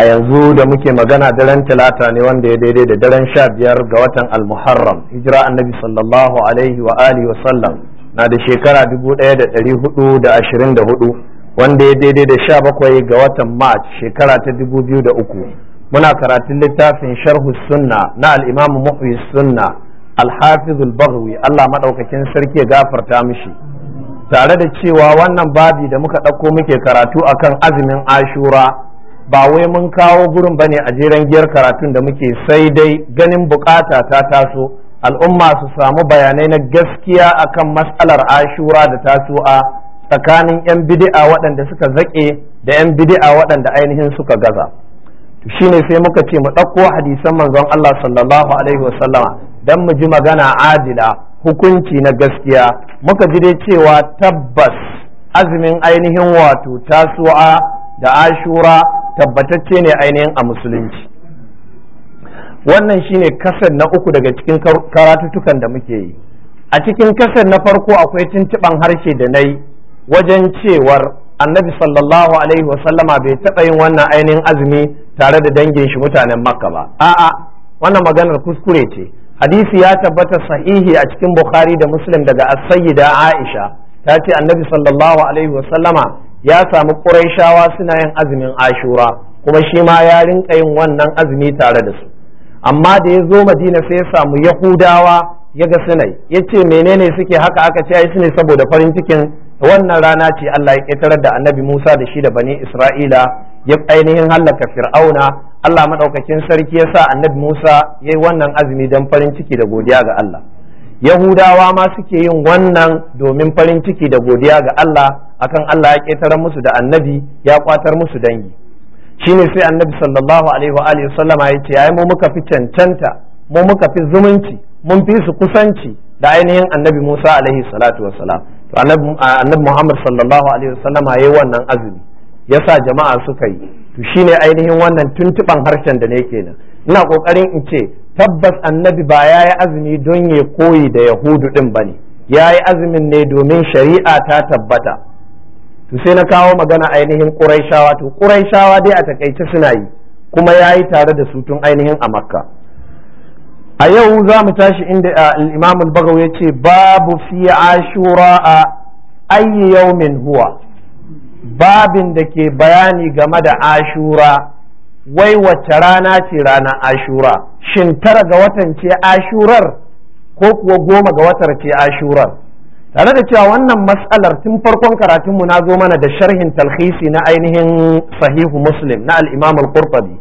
a yanzu da muke magana daren talata ne wanda ya daidai da daren sha biyar ga watan almuharram hijira annabi sallallahu alaihi wa alihi wa sallam na da shekara dubu ɗaya da ɗari hudu da ashirin da hudu wanda ya daidai da sha bakwai ga watan march shekara ta dubu biyu da uku muna karatun littafin sharhu sunna na al'imamu muhyi sunna alhafizul baghawi allah maɗaukakin sarki ya gafarta mishi tare da cewa wannan babi da muka ɗauko muke karatu akan azumin ashura ba wai mun kawo gurin ba ne a jiran giyar karatun da muke sai dai ganin bukata ta taso al'umma su samu bayanai na gaskiya akan matsalar ashura da taso a tsakanin 'yan bidi'a waɗanda suka zaƙe da 'yan bidi'a waɗanda ainihin suka gaza shine sai muka ce mu ɗauko hadisan manzon Allah sallallahu alaihi wasallama don mu ji magana adila hukunci na gaskiya muka ji dai cewa tabbas azumin ainihin wato tasu'a da ashura tabbatacce ne ainihin a musulunci wannan shine kasar na uku daga cikin karatutukan da muke yi a cikin kasar na farko akwai tuntuɓan harshe da na yi wajen cewar annabi sallallahu alaihi wasallama bai taɓa yin wannan ainihin azumi tare da dangin shi mutanen makka ba a'a wannan maganar kuskure ce hadisi ya tabbata sahihi a cikin bukhari da muslim daga as aisha ta ce annabi sallallahu alaihi wasallama ya samu ƙuraishawa suna yin azumin ashura kuma shi ma ya rinka yin wannan azumi tare da su amma da ya zo madina sai ya samu yahudawa ya ga suna ya ce menene suke haka aka ce ai su ne saboda farin cikin wannan rana ce Allah ya ƙetarar da annabi Musa da shi da bani Isra'ila ya ainihin hallaka fir'auna Allah maɗaukakin sarki ya sa annabi Musa ya yi wannan azumi don farin ciki da godiya ga Allah yahudawa ma suke yin wannan domin farin ciki da godiya ga Allah akan Allah ya ƙetare musu da annabi ya kwatar musu dangi shine sai annabi sallallahu alaihi wa alihi sallama ya ce ai mu muka fi cancanta mu muka fi zumunci mun fi su kusanci da ainihin annabi Musa alaihi salatu salam to annabi Muhammad sallallahu alaihi ya yayi wannan azumi ya sa jama'a suka yi to shine ainihin wannan tuntuban harshen da ne kenan ina kokarin in ce tabbas annabi ba ya yi azumi don ya koyi da yahudu din ba ne ya yi azumin ne domin shari'a ta tabbata to sai na kawo magana ainihin ƙuraishawa to ƙuraishawa dai a takaice suna yi kuma ya yi tare da su tun ainihin a makka a yau za mu tashi inda al-imam al ya ce babu fi ashura a ayyi huwa babin da ke bayani game da ashura wai wacce rana ce rana ashura shin tara ga watan ce ashurar ko kuwa goma ga watar ce ashurar tare da cewa wannan matsalar tun farkon karatunmu na zo mana da sharhin talhisi na ainihin sahihu muslim na al-imam al-qurtubi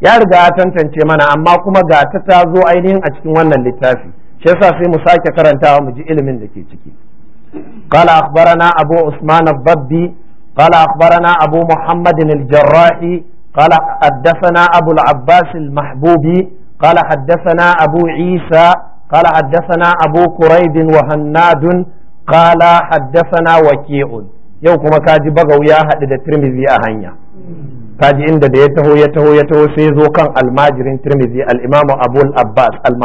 ya riga ya tantance mana amma kuma ga ta ta zo ainihin a cikin wannan littafi shi yasa sai mu sake karantawa mu ji ilimin da ke ciki قال أخبرنا أبو عثمان الضبي قال أخبرنا أبو محمد الجراحي قال حدثنا أبو العباس المحبوبي قال حدثنا أبو عيسى قال حدثنا أبو كريب وهناد قال حدثنا وكيع يوكم كاجي بغو يا حدد الترمذي أهنيا kaji inda da ya taho ya taho ya taho sai zo kan almajirin tirmidhi al-imamu abu al-abbas al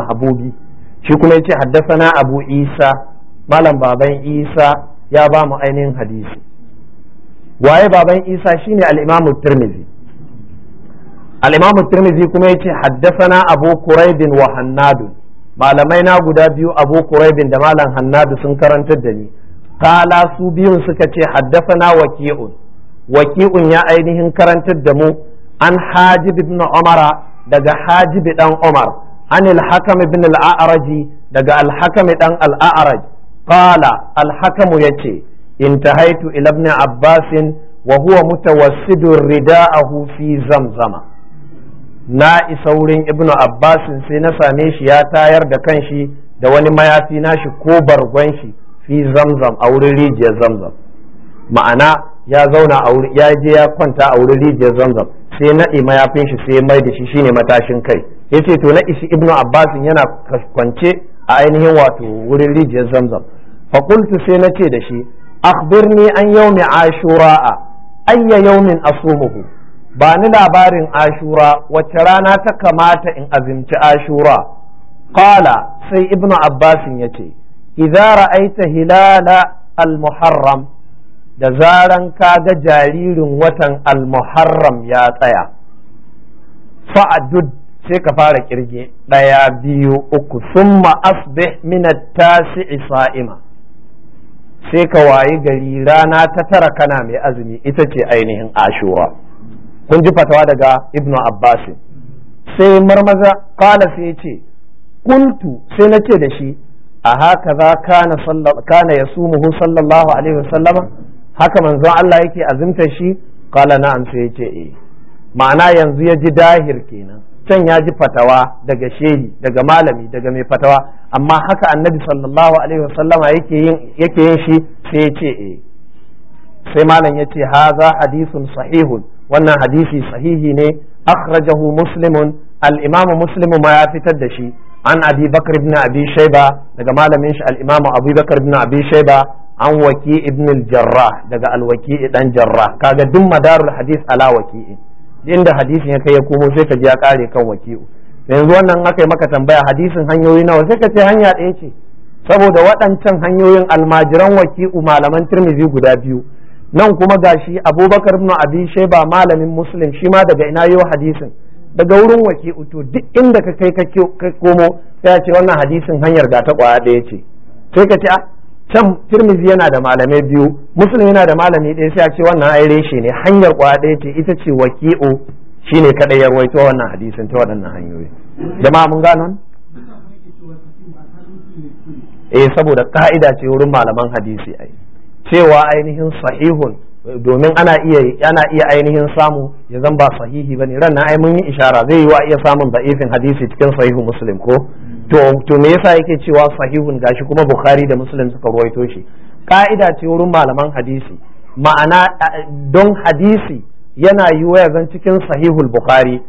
shi kuma yace haddasana abu isa malam baban isa ya bamu ainihin hadisi waye baban isa shine al-imamu tirmidhi al-imam tirmidhi kuma yace haddathana abu quraibin wa hannadu malamai na guda biyu abu quraibin da malam hannadu sun karantar da ni kala su biyun suka ce na waqi'un waqi'un ya ainihin karantar da mu an hajib ibn umara daga hajib dan umar an al-hakam ibn araji daga alhakami hakam dan al-a'raj qala al-hakam yace intahaitu haitu ibn abbasin wa huwa mutawassidun rida'ahu fi zamzama na isa wurin ibnu abbasin sai na same shi ya tayar da kanshi da wani mayafi nashi ko bargon shi fi zamzam a wurin rijiyar zamzam ma'ana ya zauna a wurin ya je ya kwanta a wurin rijiyar zamzam sai naɗe mayafin shi sai mai da shi shine matashin kai yace to na isi ibnu abbasin yana kwance a ainihin wato wurin rijiyar zamzam fa sai na ce da shi akhbirni an yawmi ashura'a ayya yawmin asumuhu ba ni labarin ashura wacce rana ta kamata in azimci ashura qala sai ibnu abbasin yace idza ra'aita hilala almuharram da zaran ka ga jaririn watan almuharram ya tsaya fa'adud sai ka fara kirge ɗaya biyu uku summa asbih min at-tasi'i sa'ima sai ka wayi gari rana ta tara kana mai azumi ita ce ainihin ashura kun ji fatawa daga ibnu abbas sai marmaza kana sai ya ce kuntu sai na ce da shi a haka za kana ya su muhu sallallahu alaihi wasallama haka manzon Allah yake azimta shi na an sai ya ce eh ma'ana yanzu ya ji dahir kenan can ya ji fatawa daga shehi daga malami daga mai fatawa amma haka annabi sallallahu alaihi wasallama yake yin yake yin shi sai ya ce eh sai malam ya yace haza hadithun sahihun wannan hadisi sahihi ne akhrajahu muslimun al-imamu muslimu ma ya fitar da shi an abi bakr ibn abi shayba daga malamin shi al-imamu abu bakr ibn abi shayba an waki ibn al-jarrah daga al-waki dan jarrah kaga duk madarul hadis ala waki inda hadisin ya kai ya komo sai ka ji ya kare kan waki'u yanzu wannan aka yi maka tambaya hadisin hanyoyi nawa sai ka ce hanya ɗaya ce saboda waɗancan hanyoyin almajiran waki'u malaman tirmizi guda biyu nan kuma gashi abubakar ibn abi shaiba malamin muslim shi ma daga ina yau hadisin daga wurin wake uto duk inda ka kai ka komo sai a ce wannan hadisin hanyar ga ta kwaya ɗaya ce sai ka ce a ah, can tirmizi yana da malamai biyu muslim yana da malami ɗaya sai a ce wannan ai reshe ne hanyar kwaya ɗaya ce ita ce waki'u shine kadai ya ta wannan hadisin ta waɗannan hanyoyi jama'a mun gano eh saboda ka'ida ce wurin malaman hadisi ai cewa ainihin sahihun domin ana iya ana iya ainihin samu ya zan ba sahihi bane ran nan ai mun yi ishara zai yi wa iya samun da'ifin hadisi cikin sahihu muslim ko to to me yasa yake cewa sahihun gashi kuma bukhari da muslim suka ruwaito shi ka'ida ce wurin malaman hadisi ma'ana don hadisi yana yi wa zan cikin sahihul bukhari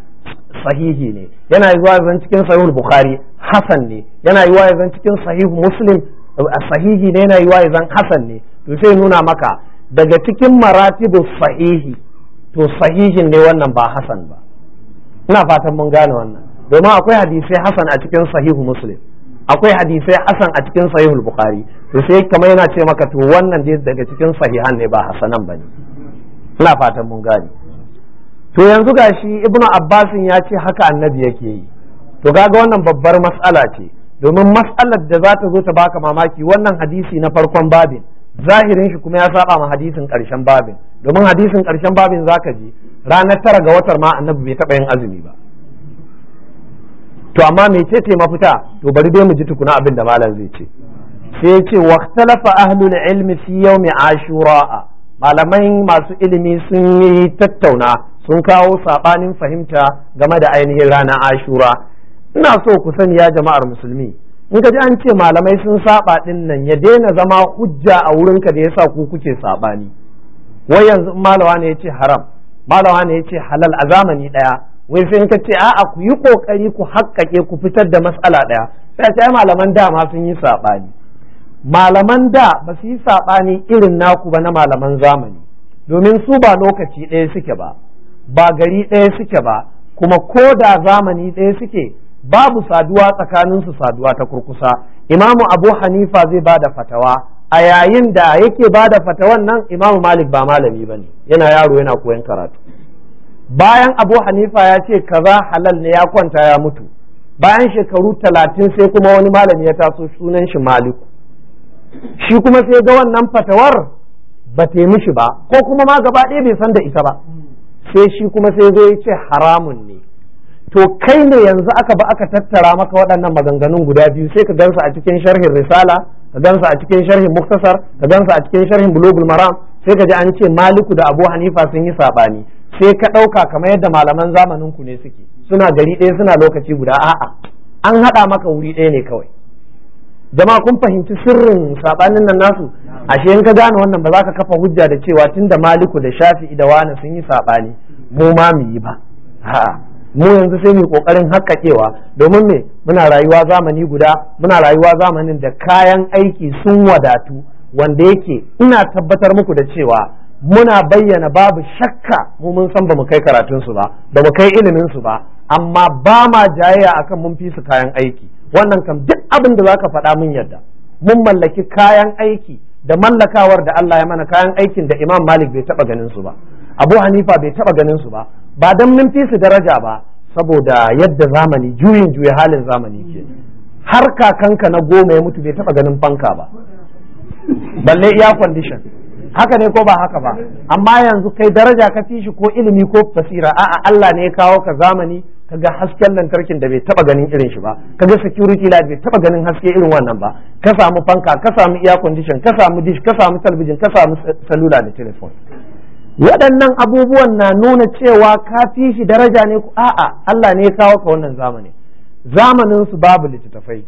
sahihi ne yana yi wa zan cikin sahihul bukhari hasan ne yana yi wa zan cikin sahihu muslim sahihi ne yana yi wa zan hasan ne zai nuna maka daga cikin maratibu sahihi to sahihin ne wannan ba hasan ba ina fatan mun gane wannan domin akwai hadisai hasan a cikin sahihu muslim akwai hadisai hasan a cikin sahihu bukhari to sai kamar yana ce maka to wannan dai daga cikin sahihan ne ba hasanan bane ina fatan mun gane to yanzu gashi ibnu Abbas ya ce haka annabi yake yi to kaga wannan babbar mas'ala ce domin mas'alar da za ta zo ta baka mamaki wannan hadisi na farkon babin zahirin shi kuma ya saba ma hadisin ƙarshen babin domin hadisin karshen babin zaka ji ranar tara ga watar ma annabi bai taɓa yin azumi ba to amma mece ce ce mafita to bari dai mu ji tukuna abin da malam zai ce sai ce waqtalafa ahlul ilmi fi yawmi ashura malamai masu ilimi sun yi tattauna sun kawo sabanin fahimta game da ainihin ranar ashura ina so ku sani ya jama'ar musulmi in ka ji an ce malamai sun saba din nan ya daina zama hujja a wurinka da yasa ku kuke sabani wai yanzu malawa ne yace haram malawa ne yace halal a zamani ɗaya. wai sai ka ce a'a ku yi kokari ku hakkake ku fitar da mas'ala ɗaya? sai sai malaman da ma sun yi sabani malaman da ba su yi saɓani irin naku ba na malaman zamani domin su ba lokaci ɗaya suke ba ba gari ɗaya suke ba kuma ko da zamani ɗaya suke babu saduwa tsakaninsu saduwa ta kurkusa imamu abu hanifa zai ba da fatawa a yayin da yake ba da fatawan nan imamu malik ba malami ba ne yana yaro yana koyon karatu bayan abu hanifa ya ce kaza halal ne ya kwanta ya mutu bayan shekaru talatin sai kuma wani malami ya taso sunan shi maliku shi kuma sai ga wannan fatawar ba ta mishi ba ko kuma ma gaba ɗaya bai san da ita ba sai shi kuma sai zai ce haramun ne to kai ne yanzu aka ba aka tattara maka waɗannan maganganun guda biyu sai ka gansu a cikin sharhin risala ka gansu a cikin sharhin muktasar ka gansu a cikin sharhin bulugul maram sai ka ji an ce maliku da abu hanifa sun yi saɓani sai ka ɗauka kamar yadda malaman zamanin ku ne suke suna gari ɗaya suna lokaci guda a'a an haɗa maka wuri ɗaya ne kawai jama'a kun fahimci sirrin saɓanin nan nasu ashe in ka gane wannan ba za ka kafa hujja da cewa tunda maliku da shafi'i da wani sun yi saɓani mu ma mu yi ba a'a mu yanzu sai mu kokarin hakkakewa domin me muna rayuwa zamani guda muna rayuwa zamanin da kayan aiki sun wadatu wanda yake ina tabbatar muku da cewa muna bayyana babu shakka mu mun san ba mu kai karatun su ba bamu kai ilimin su ba amma ba ma jayayya akan mun fi su kayan aiki wannan kam duk abin da zaka faɗa mun yadda mun mallaki kayan aiki da mallakawar da Allah ya mana kayan aikin da Imam Malik bai taba ganin su ba Abu Hanifa bai taba ganin su ba ba don mun fi su daraja ba saboda yadda zamani juyin juya halin zamani ke har kakanka na goma ya mutu bai taba ganin fanka ba balle iya condition haka ne ko ba haka ba amma yanzu kai daraja ka fi shi ko ilimi ko fasira a'a Allah ne ya kawo ka zamani ka ga hasken lantarkin da bai taba ganin irin shi ba ka ga security light bai taba ganin haske irin wannan ba ka samu fanka ka samu air condition ka samu dish ka samu talabijin ka samu salula da telephone waɗannan abubuwan na nuna cewa ka fi shi daraja ne ku a'a Allah ne ya kawo ka wannan zamani zamanin su babu littattafai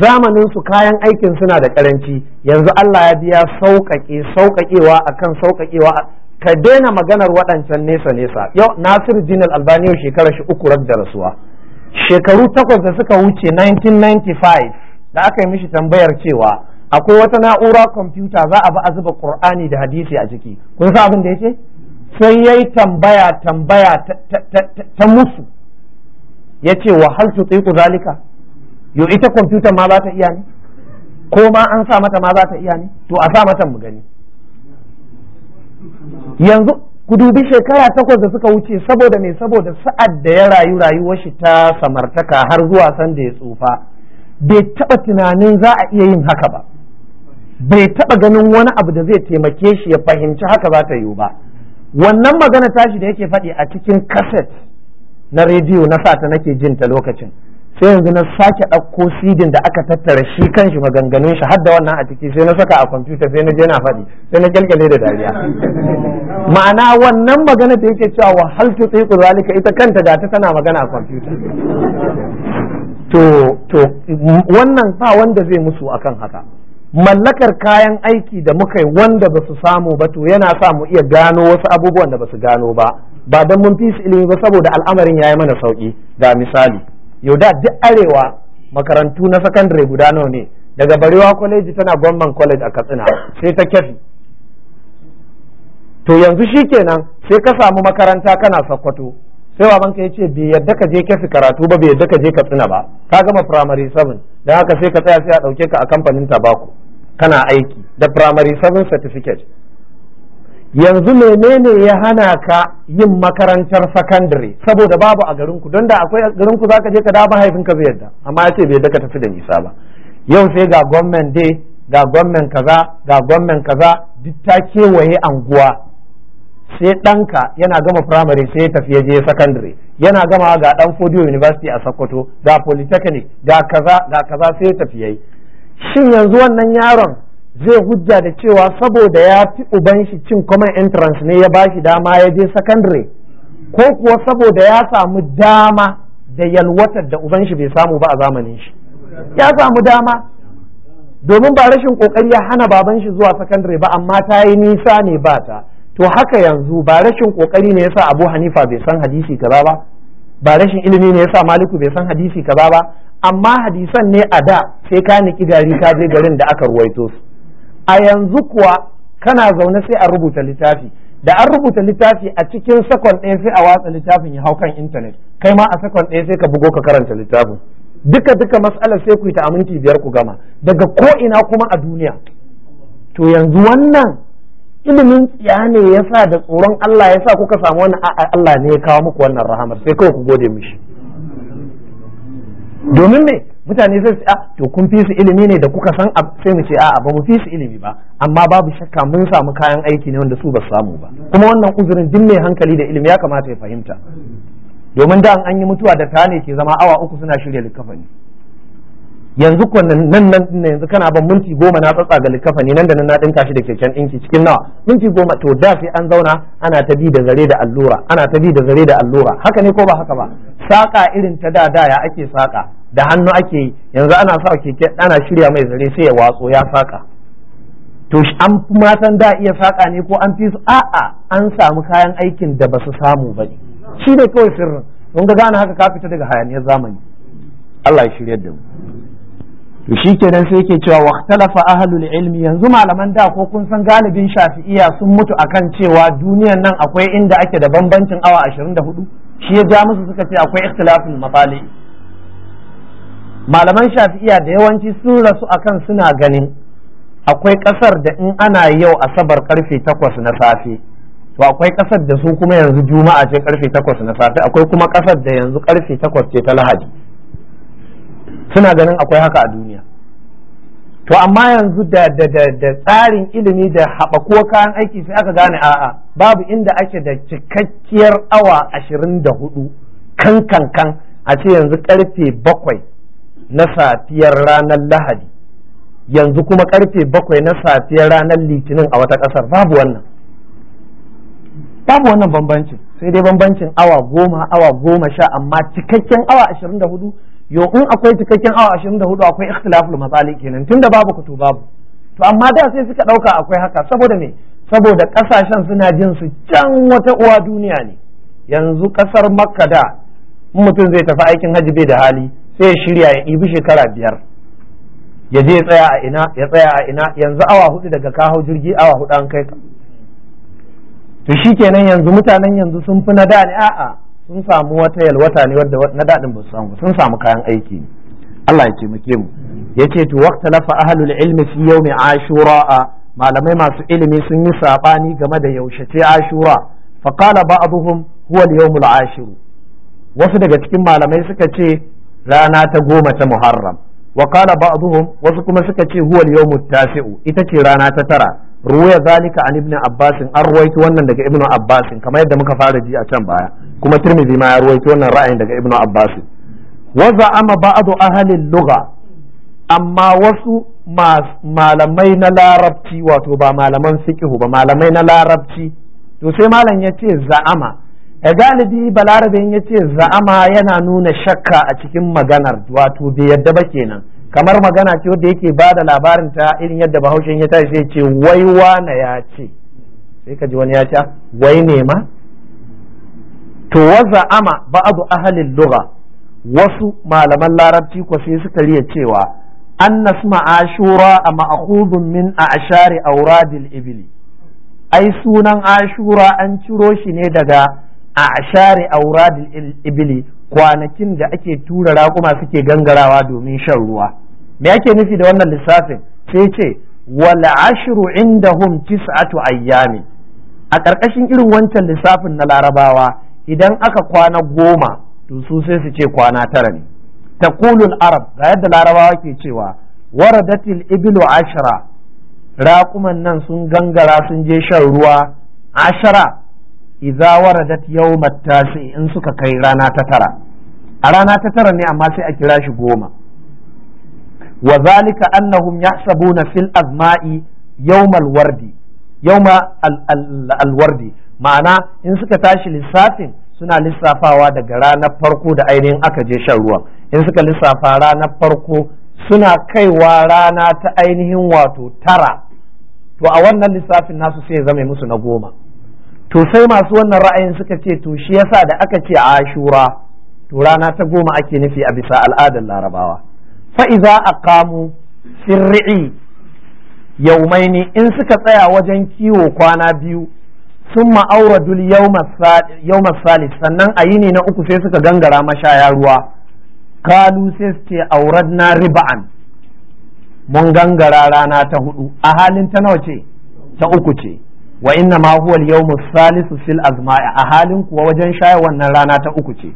zamanin su kayan aikin suna da karanci yanzu Allah ya biya sauƙaƙe sauƙaƙewa akan sauƙaƙewa ka daina maganar waɗancan nesa nesa yau Nasir Jinal Albani shekarar shi uku da rasuwa shekaru takwas da suka wuce 1995 da aka yi mishi tambayar cewa akwai wata na'ura kwamfuta za a bi a zuba qur'ani da hadisi a ciki kun sa abin da yace sai yayi tambaya tambaya ta musu yace wa hal tutiqu zalika yo ita kwamfuta ma za ta iya ne ko ma an sa mata ma za ta iya ne to a sa mata mu gani yanzu ku dubi shekara takwas da suka wuce saboda me saboda sa'ad da ya rayu rayuwar shi ta samartaka har zuwa sanda ya tsufa bai taɓa tunanin za a iya yin haka ba bai taɓa ganin wani abu da zai taimake shi ya fahimci haka ba ta yiwu ba wannan magana tashi da yake faɗi a cikin kaset na rediyo na sata nake jin ta lokacin sai yanzu na sake ɗauko sidin da aka tattara shi kan shi maganganun shi hadda wannan a ciki sai na saka a kwamfuta sai na je na faɗi sai na kyalkyale da dariya ma'ana wannan magana da yake cewa wa tu tsiku zalika ita kanta da ta tana magana a kwamfuta to to wannan ba wanda zai musu akan haka mallakar kayan aiki da muka yi wanda ba su samu ba to yana sa mu iya gano wasu abubuwan da ba su gano ba ba don mun fi su ilimi ba saboda al'amarin ya yi mana sauƙi ga misali yau da duk arewa makarantu na sakandare guda nawa ne daga barewa kwaleji tana gwamnan college a katsina sai ta kefi to yanzu shi kenan sai ka samu makaranta kana sakkwato sai banka ya ce bai yadda ka je kefi karatu ba bai yadda ka je katsina ba ka gama firamare 7 don haka sai ka tsaya sai a ɗauke ka a kamfanin tabako kana aiki da primary 7 certificate yanzu menene ya hana ka yin makarantar secondary saboda babu a garinku don da akwai garinku ka je ka da mahaifinka zai yadda amma ya ce bai yadda ka tafi da nisa ba yau sai ga gwamnan dai ga gwamnan kaza ga gwamnan kaza duk ta kewaye anguwa sai ɗanka yana gama primary sai ya tafi ya je secondary yana gama ga dan Fodio University a Sokoto ga polytechnic ga kaza ga kaza sai ya tafi shin yanzu wannan yaron zai hujja da cewa saboda ya fi uban shi cin common entrance ne ya ba shi dama ya je secondary ko kuwa saboda ya samu dama da yalwatar da uban shi bai samu ba a zamanin shi ya samu dama domin ba rashin kokari ya hana baban shi zuwa secondary ba amma ta yi nisa ne ba ta to haka yanzu ba rashin kokari ne yasa Abu Hanifa bai san hadisi kaza ba ba rashin ilimi ne yasa Maliku bai san hadisi kaza ba amma hadisan ne a da sai ka niki gari ka je garin da aka ruwaito su a yanzu kuwa kana zaune sai a rubuta littafi da an rubuta littafi a cikin sakon ɗaya sai a watsa littafin ya hau kan intanet kai ma a sakon ɗaya sai ka bugo ka karanta littafin duka duka matsalar sai ku yi ta aminci biyar ku gama daga ko ina kuma a duniya to yanzu wannan ilimin tsiya ne ya sa da tsoron Allah ya sa kuka samu wannan Allah ne ya kawo muku wannan rahamar sai kawai ku gode mishi domin me mutane zai ce ah, to kun fi su ilimi ne da kuka san sai mu ce a ba mu fi su ilimi ba amma babu shakka mun samu kayan aiki ne wanda su ba samu ba kuma wannan uzurin din mai hankali da ilimi ya kamata ya fahimta domin da an yi mutuwa da ta ne ke zama awa uku suna shirya likafani yanzu kwanan nan nan yanzu kana ban minti goma na tsatsa ga likafa ne nan da nan na dinka shi da keken dinki cikin nawa minti goma to da sai an zauna ana ta bi da zare da allura ana ta bi da zare da allura haka ne ko ba haka ba saka irin ta da da ya ake saka da hannu ake yi yanzu ana sa keke ana shirya mai zare sai ya watso ya saka to an matan da iya saka ne ko an fi su a'a an samu kayan aikin da ba su samu ba ne shi ne kawai sirrin mun ga gane haka ka fita daga hayaniyar zamani Allah ya shirya da mu to shi nan sai ke cewa waqtalafa ahlul ilmi yanzu malaman da ko kun san galibin shafi'iya sun mutu akan cewa duniyan nan akwai inda ake da bambancin awa 24 shi ya ja musu suka ce akwai ikhtilafin mafali malaman shafi'iya da yawanci sun rasu akan suna ganin akwai kasar da in ana yau asabar karfe 8 na safe to akwai kasar da su kuma yanzu juma'a ce karfe 8 na safe akwai kuma kasar da yanzu karfe 8 ce ta lahadi suna ganin akwai haka a duniya to amma yanzu da da tsarin ilimi da haɓaku kayan aiki sai aka gane a'a babu inda ake da cikakkiyar awa ashirin da hudu kan kan kan a ce yanzu karfe bakwai na safiyar ranar lahadi yanzu kuma karfe bakwai na safiyar ranar litinin a wata ƙasar babu wannan babu wannan bambancin sai dai bambancin awa goma awa goma sha amma cikakken awa ashirin da hudu yo in akwai cikakken awa ashirin da hudu akwai ikhtilaful matsali kenan tunda babu kutu babu to amma da sai suka ɗauka akwai haka saboda me saboda ƙasashen suna jin su can wata uwa duniya ne yanzu kasar makka da mutum zai tafi aikin hajji bai da hali sai ya shirya ya ibi shekara biyar ya je tsaya a ina ya tsaya a ina yanzu awa hudu daga kawo jirgi awa hudu an kai to shikenan yanzu mutanen yanzu sun fi na da ne a'a sun samu wata yalwata ne wadda na daɗin ba su samu sun samu kayan aiki Allah ya taimake mu yace to waqtalafa ahlul ilmi fi yawmi ashura malamai masu ilimi sun yi sabani game da yaushe ce ashura fa qala ba'dhum huwa al-yawmul ashir wasu daga cikin malamai suka ce rana ta goma ta muharram wa qala ba'dhum wasu kuma suka ce huwa al-yawmut tasi'u ita ce rana ta tara ruwaya zalika an ibn abbasin an wannan daga ibn abbasin kamar yadda muka fara ji a can baya kuma tirmidhi ma ya ruwaito wannan ra'ayin daga ibnu abbas wa za'ama ba'du ahli lugha amma wasu malamai na larabci wato ba malaman fiqh ba malamai na larabci to sai malam yace za'ama e galibi balarabin yace za'ama yana nuna shakka a cikin maganar wato bai yadda ba kenan kamar magana ce wadda yake ba da labarin ta irin yadda bahaushen ya tashi ya ce wai wane ya ce sai ka ji wani ya ce ah, wai ne ma to waza ama ba'adu ahalin luga wasu malaman larabci ko sai suka riya cewa an nasma ashura a ma'akudun min a ashari auradil ibili ai sunan ashura an ciro shi ne daga a ashari auradil ibili kwanakin da ake tura raƙuma suke gangarawa domin shan ruwa me ake nufi da wannan lissafin sai ce wal ashru indahum tis'atu ayyami a ƙarƙashin irin wancan lissafin na larabawa idan aka kwana goma to su sai su ce kwana tara ne Ta Kulun arab ga yadda larabawa ke cewa waradatil ibilu ashara raƙuman nan sun gangara sun je shan ruwa ashara idza waradat yawmat tasi in suka kai rana ta tara a rana ta tara ne amma sai a kira shi goma wa zalika annahum yahsabuna fil azma'i yawmal wardi yawma al-wardi ma'ana in suka tashi lissafin suna lissafawa daga ranar farko da ainihin aka je shan ruwan in suka lissafa ranar farko suna kaiwa rana ta ainihin wato tara to a wannan lissafin nasu sai ya zama musu na goma to sai masu wannan ra'ayin suka ce to shi yasa da aka ce ashura to rana ta goma ake nufi a bisa al'adar larabawa fa'iza a kamu sirri yaumaini in suka tsaya wajen kiwo kwana biyu sun ma'auradul yawma salis sannan a yini na uku sai suka gangara mashaya ruwa kalu sai su ce auradna riba'an mun gangara rana ta hudu a halin ta nawa ce ta uku ce wa inna ma huwa al salisu fil azma'i a halin kuwa wajen shaya wannan rana ta uku ce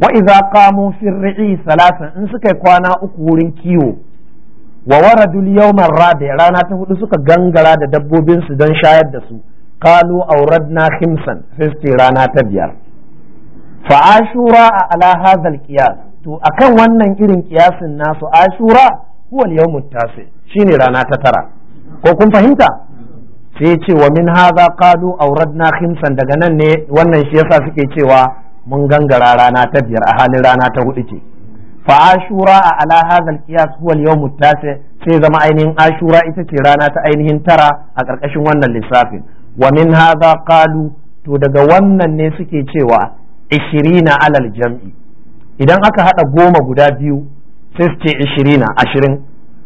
wa idza qamu fi ri'i in suka kwana uku wurin kiwo wa waradul yawmar rabi rana ta hudu suka gangara da dabbobinsu don shayar da su qalu awradna himsan sai rana ta biyar fa ashura ala hadha alqiyas to akan wannan irin kiyasin nasu ashura huwa yawm shine rana ta tara ko kun fahimta sai ce wa min hadha qalu awradna khimsan daga nan ne wannan shi yasa suke cewa mun gangara rana ta biyar a halin rana ta hudu ce fa ashura a ala hadha alqiyas huwa al-yawm sai zama ainihin ashura ita ce rana ta ainihin tara a ƙarƙashin wannan lissafin wa min hadha qalu to daga wannan ne suke cewa 20 alal jam'i idan aka hada goma guda biyu sai su ce 20 ashirin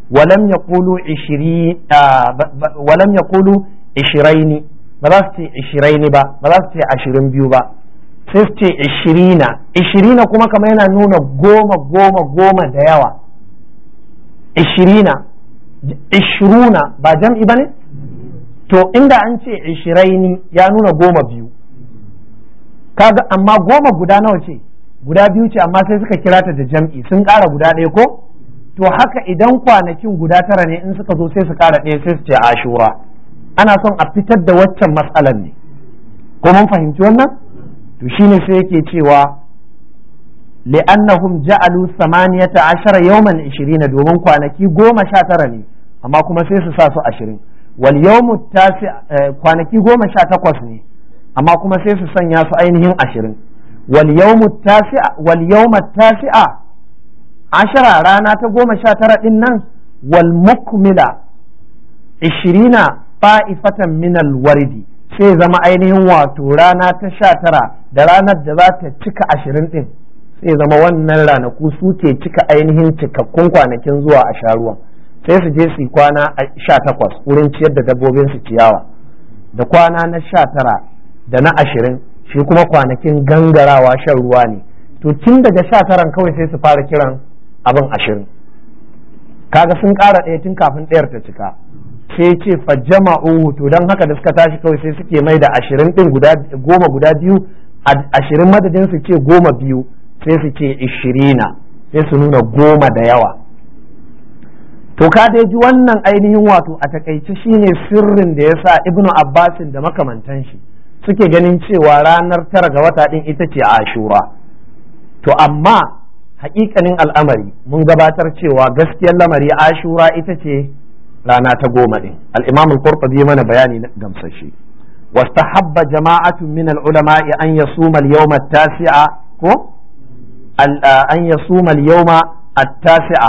walam yaqulu 20 walam ba za su ce 20 ba ba za su ce ashirin biyu ba sai su ce 20 20 kuma kamar yana nuna goma goma goma da yawa 20 20 ba jam'i ba to inda an ce ishiraini ya nuna goma biyu kaga amma goma guda nawa ce guda biyu ce amma sai suka kira ta da jam'i sun kara guda ɗaya ko to haka idan kwanakin guda tara ne in suka zo sai su kara ɗaya sai su ce ashura ana son a fitar da waccan matsalar ne ko mun fahimci wannan to shine sai yake cewa li'annahum ja'alu samaniyata ashara yawman 20 domin kwanaki goma sha tara ne amma kuma sai su sa su ashirin wal yawmu tasi eh, kwanaki goma sha takwas ne amma kuma sai su sanya su ainihin ashirin wal yawmu tasi'a wal yawma tasi'a ashara rana ta goma sha tara din nan wal mukmila ishirina fa'ifatan minal waridi sai zama ainihin wato rana ta sha tara da ranar da za ta cika ashirin din sai zama wannan ranaku su ke cika ainihin cikakkun kwanakin zuwa a sharuwan sai su je su yi kwana a sha takwas wurin ciyar da dabbobin su ciyawa da kwana na sha tara da na ashirin shi kuma kwanakin gangarawa shan ruwa ne to tun daga sha taran kawai sai su fara kiran abin ashirin kaga sun kara ɗaya tun kafin ɗayar ta cika sai ce fajjama uhu to don haka da suka tashi kawai sai suke mai da ashirin ɗin goma guda biyu ashirin madadin su ce goma biyu sai su ce ishirina sai su nuna goma da yawa to ka dai ji wannan ainihin wato a takaice shine sirrin da ya sa ibnu abbasin da makamantan shi suke ganin cewa ranar tara ga wata din ita ce ashura to amma hakikanin al'amari mun gabatar cewa gaskiyar lamari ashura ita ce rana ta goma din al-imam al-qurtubi mana bayani gamsashe واستحب جماعة من العلماء أن يصوم اليوم التاسع أن يصوم اليوم التاسع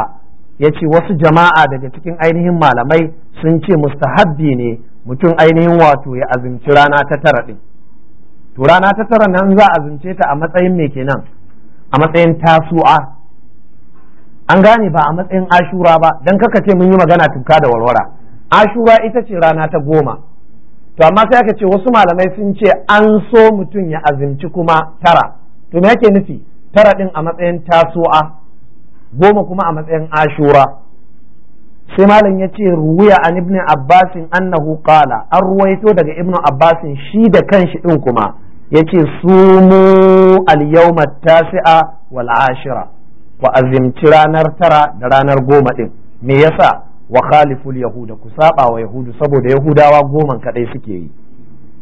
ya ce wasu jama'a daga cikin ainihin malamai sun ce mustahabbi ne mutum ainihin wato ya azumci rana ta tara ɗin to rana ta tara nan za a azumce ta a matsayin me kenan a matsayin tasu'a an gane ba a matsayin ashura ba dan kaka ce mun yi magana tuka da warwara ashura ita ce rana ta goma to amma sai aka ce wasu malamai sun ce an so mutum ya azumci kuma tara to me yake nufi tara ɗin a matsayin tasu'a goma kuma a matsayin ashura sai malam ya ce ruwiya an ibn abbasin annahu qala an ruwaito daga ibn abbasin shi da kanshi din kuma yace sumu al-yawma tasi'a wal ashira wa azimci ranar tara da ranar goma din me yasa wa al yahuda ku saba wa yahudu saboda yahudawa goman kadai suke yi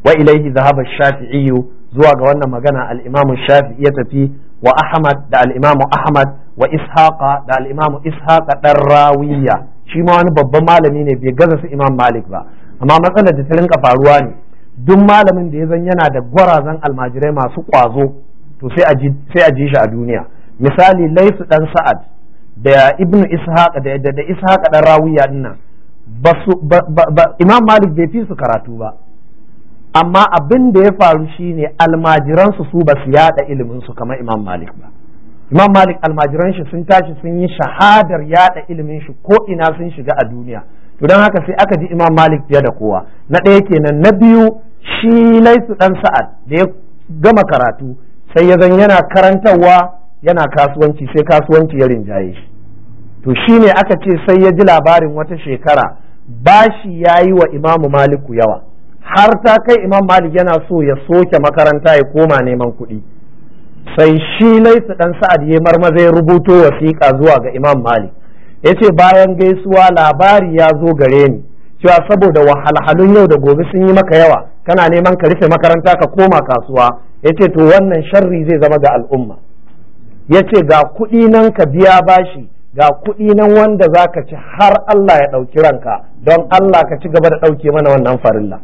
wa ilaihi zahaba shafi'i zuwa ga wannan magana al-imam shafi'i ya tafi wa ahmad da al-imam ahmad wa ishaqa da al'imam imamu ishaqa dan rawiya shi ma wani babban malami ne bai gaza su imam malik ba amma matsalar da ta rinka faruwa ne duk malamin da ya zan yana da gwarazan almajirai masu kwazo to sai a ji shi a duniya misali laisu dan sa'ad da ibnu ishaq da da ishaq dan rawiya dinnan ba su imam malik bai fi su karatu ba amma abin da ya faru shine almajiransu su ba su yada ilimin su kamar imam malik ba imam malik almajiran shi sun tashi sun yi shahadar yada ilimin shi ko ina sun shiga a duniya to don haka sai aka ji imam malik fiye da kowa na ɗaya kenan na biyu shi laisu dan sa'ad da ya gama karatu sai ya zan yana karantarwa yana kasuwanci sai kasuwanci ya rinjaye shi to shine aka ce sai ya ji labarin wata shekara bashi ya yi wa imamu maliku yawa har ta kai imam malik yana so ya soke makaranta ya koma neman kuɗi sai shi ɗan dan sa'ad ya marmaza ya rubuto wasiƙa zuwa ga imam malik yace bayan gaisuwa labari ya zo gare ni cewa saboda wahalhalun yau da gobe sun yi maka yawa kana neman ka rufe makaranta ka koma kasuwa yace to wannan sharri zai zama ga al'umma yace ga kuɗi nan ka biya bashi ga kuɗi nan wanda za ka ci har Allah ya ɗauki ranka don Allah ka ci gaba da ɗauke mana wannan farilla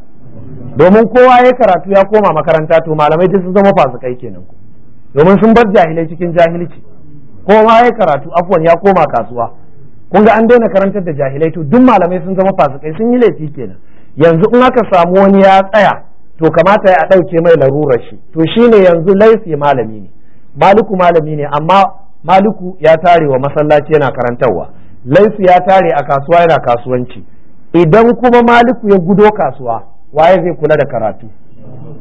domin kowa ya karatu ya koma makaranta to malamai duk sun zama fasikai kenan ku domin sun bar jahilai cikin jahilci ko ma ya karatu afwan ya koma kasuwa kun ga an daina karantar da jahilai to duk malamai sun zama fasikai sun yi laifi kenan yanzu in aka samu wani ya tsaya to kamata ya ɗauke mai larurar shi to shi ne yanzu laifi malami ne maliku malami ne amma maliku ya tare wa masallaci yana karantarwa Laifi ya tare a kasuwa yana kasuwanci idan kuma maliku ya gudo kasuwa waye zai kula da karatu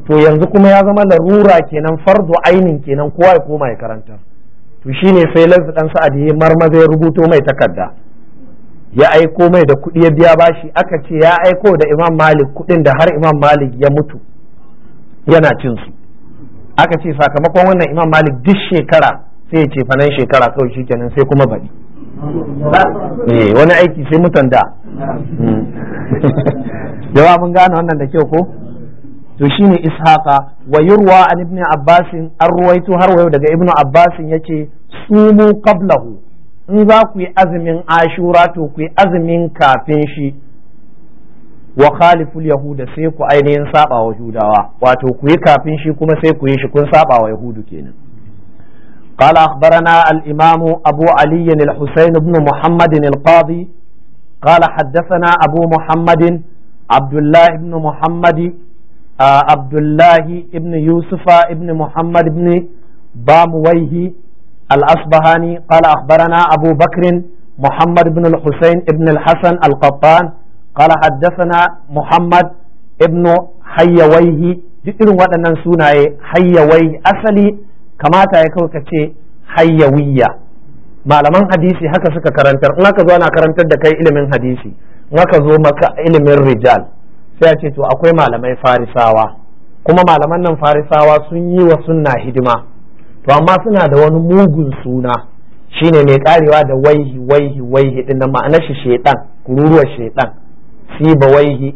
to yanzu kuma ya zama larura kenan fardu ainin kenan kowa ya koma ya karanta to shine sai lazu dan sa'ad ya marmaza ya rubuto mai takarda ya aiko mai da kuɗi ya biya bashi aka ce ya aiko da imam malik kuɗin da har imam malik ya mutu yana cin su aka ce sakamakon wannan imam malik duk shekara sai ya ce fanan shekara kawai shikenan sai kuma eh wani aiki sai mutan da yawa hmm. mun gane wannan da kyau ko to shine ishaqa wa yurwa an ibn abbas an ruwaito har wayo daga ibn abbas yace sumu qablahu in za ku yi azumin ashura to ku yi azumin kafin shi wa khaliful yahuda sai ku ainihin saba wa judawa wato ku yi kafin shi kuma sai ku yi shi kun saba wa yahudu kenan قال أخبرنا الإمام أبو علي الحسين بن محمد القاضي قال حدثنا أبو محمد عبد الله بن محمد abdullahi ibn yusufa ibn muhammad ibn bamuwaihi al-asbahani qala akhbarana abu bakrin muhammad ibn al-husayn ibn al-hasan al-qattan qala muhammad ibn hayyawaihi duk irin waɗannan sunaye hayyawai asali kamata ya kawai ka ce hayyawiyya malaman hadisi haka suka karantar in aka zo ana karantar da kai ilimin hadisi in ka zo maka ilimin rijal sai a ce to akwai malamai farisawa kuma malaman nan farisawa sun yi wa sunna hidima to amma suna da wani mugun suna shine mai karewa da waihi waihi waihi din nan ma'anar shi shedan kururuwar shedan siba waihi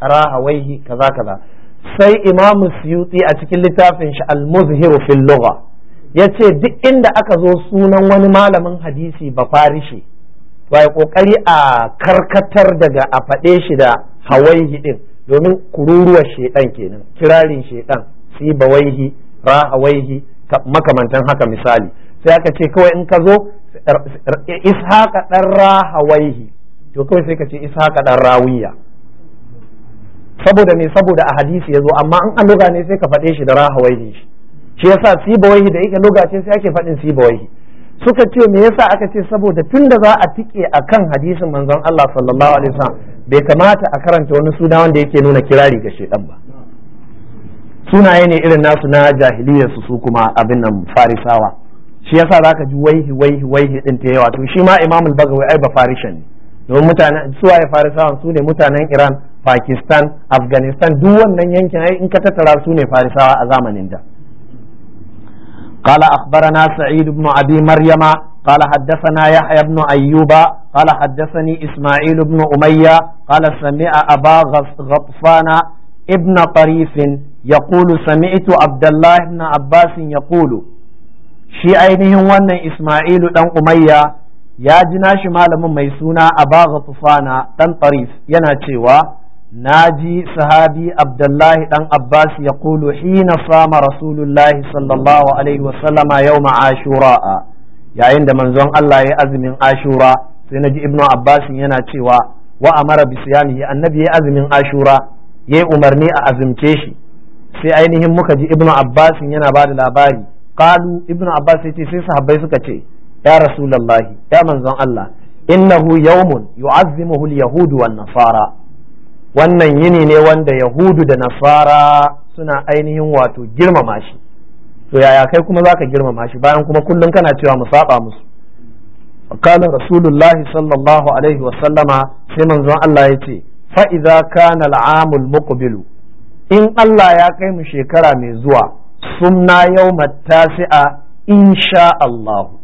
raha waihi kaza kaza sai imamu suyuti a cikin littafin shi al-muzhiru fil lugha yace duk inda aka zo sunan wani malamin hadisi ba farishi to ya kokari a karkatar daga a faɗe shi da hawaihi din domin kururuwar shedan kenan kirarin shedan si bawaihi ra hawaihi makamantan haka misali sai aka ce kawai in ka zo er, er, ishaqa dan ra hawaihi to kawai sai ka ce ishaqa dan rawiya saboda me saboda a hadisi ya zo amma in an luga ne sai ka faɗe shi da ra hawaihi shi shi yasa si bawaihi da ika luga ce sai ake faɗin si bawaihi suka ce me yasa aka ce saboda tunda za a tike akan hadisin manzon Allah sallallahu alaihi wasallam bai kamata a karanta wani suna wanda yake nuna kirari ga shedan ba sunaye ne irin nasu na jahiliyar su kuma abin nan farisawa shi yasa zaka ji waihi waihi waihi din ta yawa to shi ma imamul bagawi ai ba farishan ne domin mutanen suwaye farisawan su ne mutanen iran pakistan afghanistan duk wannan yankin ai in ka tattara su ne farisawa a zamanin da قال أخبرنا سعيد بن أبي مريم قال حدثنا يحيى بن ayyuba. قال حدثني إسماعيل بن أمية قال سمع أبا غطفان ابن طريف يقول سمعت عبد الله بن عباس يقول shi ainihin wannan Ismailu ɗan Umayya ya ji nashi malamin mai suna Aba tufana ɗan Tarif yana cewa na ji sahabi Abdullahi ɗan Abbas ya kulu hina sama Rasulullahi sallallahu alaihi wasallama yau ashura'a yayin da manzon Allah ya azumin ashura sai na ji ibnu abbasin yana cewa wa amara bi siyamihi annabi yayi azumin ashura yayi umarni a azumce shi sai ainihin muka ji ibnu abbasin yana bada labari qalu ibnu abbas yace sai sahabbai suka ce ya rasulullahi ya manzon Allah innahu yawmun yu'azzimuhu al-yahud wan nasara wannan yini ne wanda yahudu da nasara suna ainihin wato girmama shi to yaya kai kuma zaka girmama shi bayan kuma kullum kana cewa mu saba musu qala rasulullahi sallallahu alaihi wa sallama sai manzon Allah yace fa kana al'amul muqbilu in Allah ya kai mu shekara mai zuwa sumna yawmat tasi'a insha Allah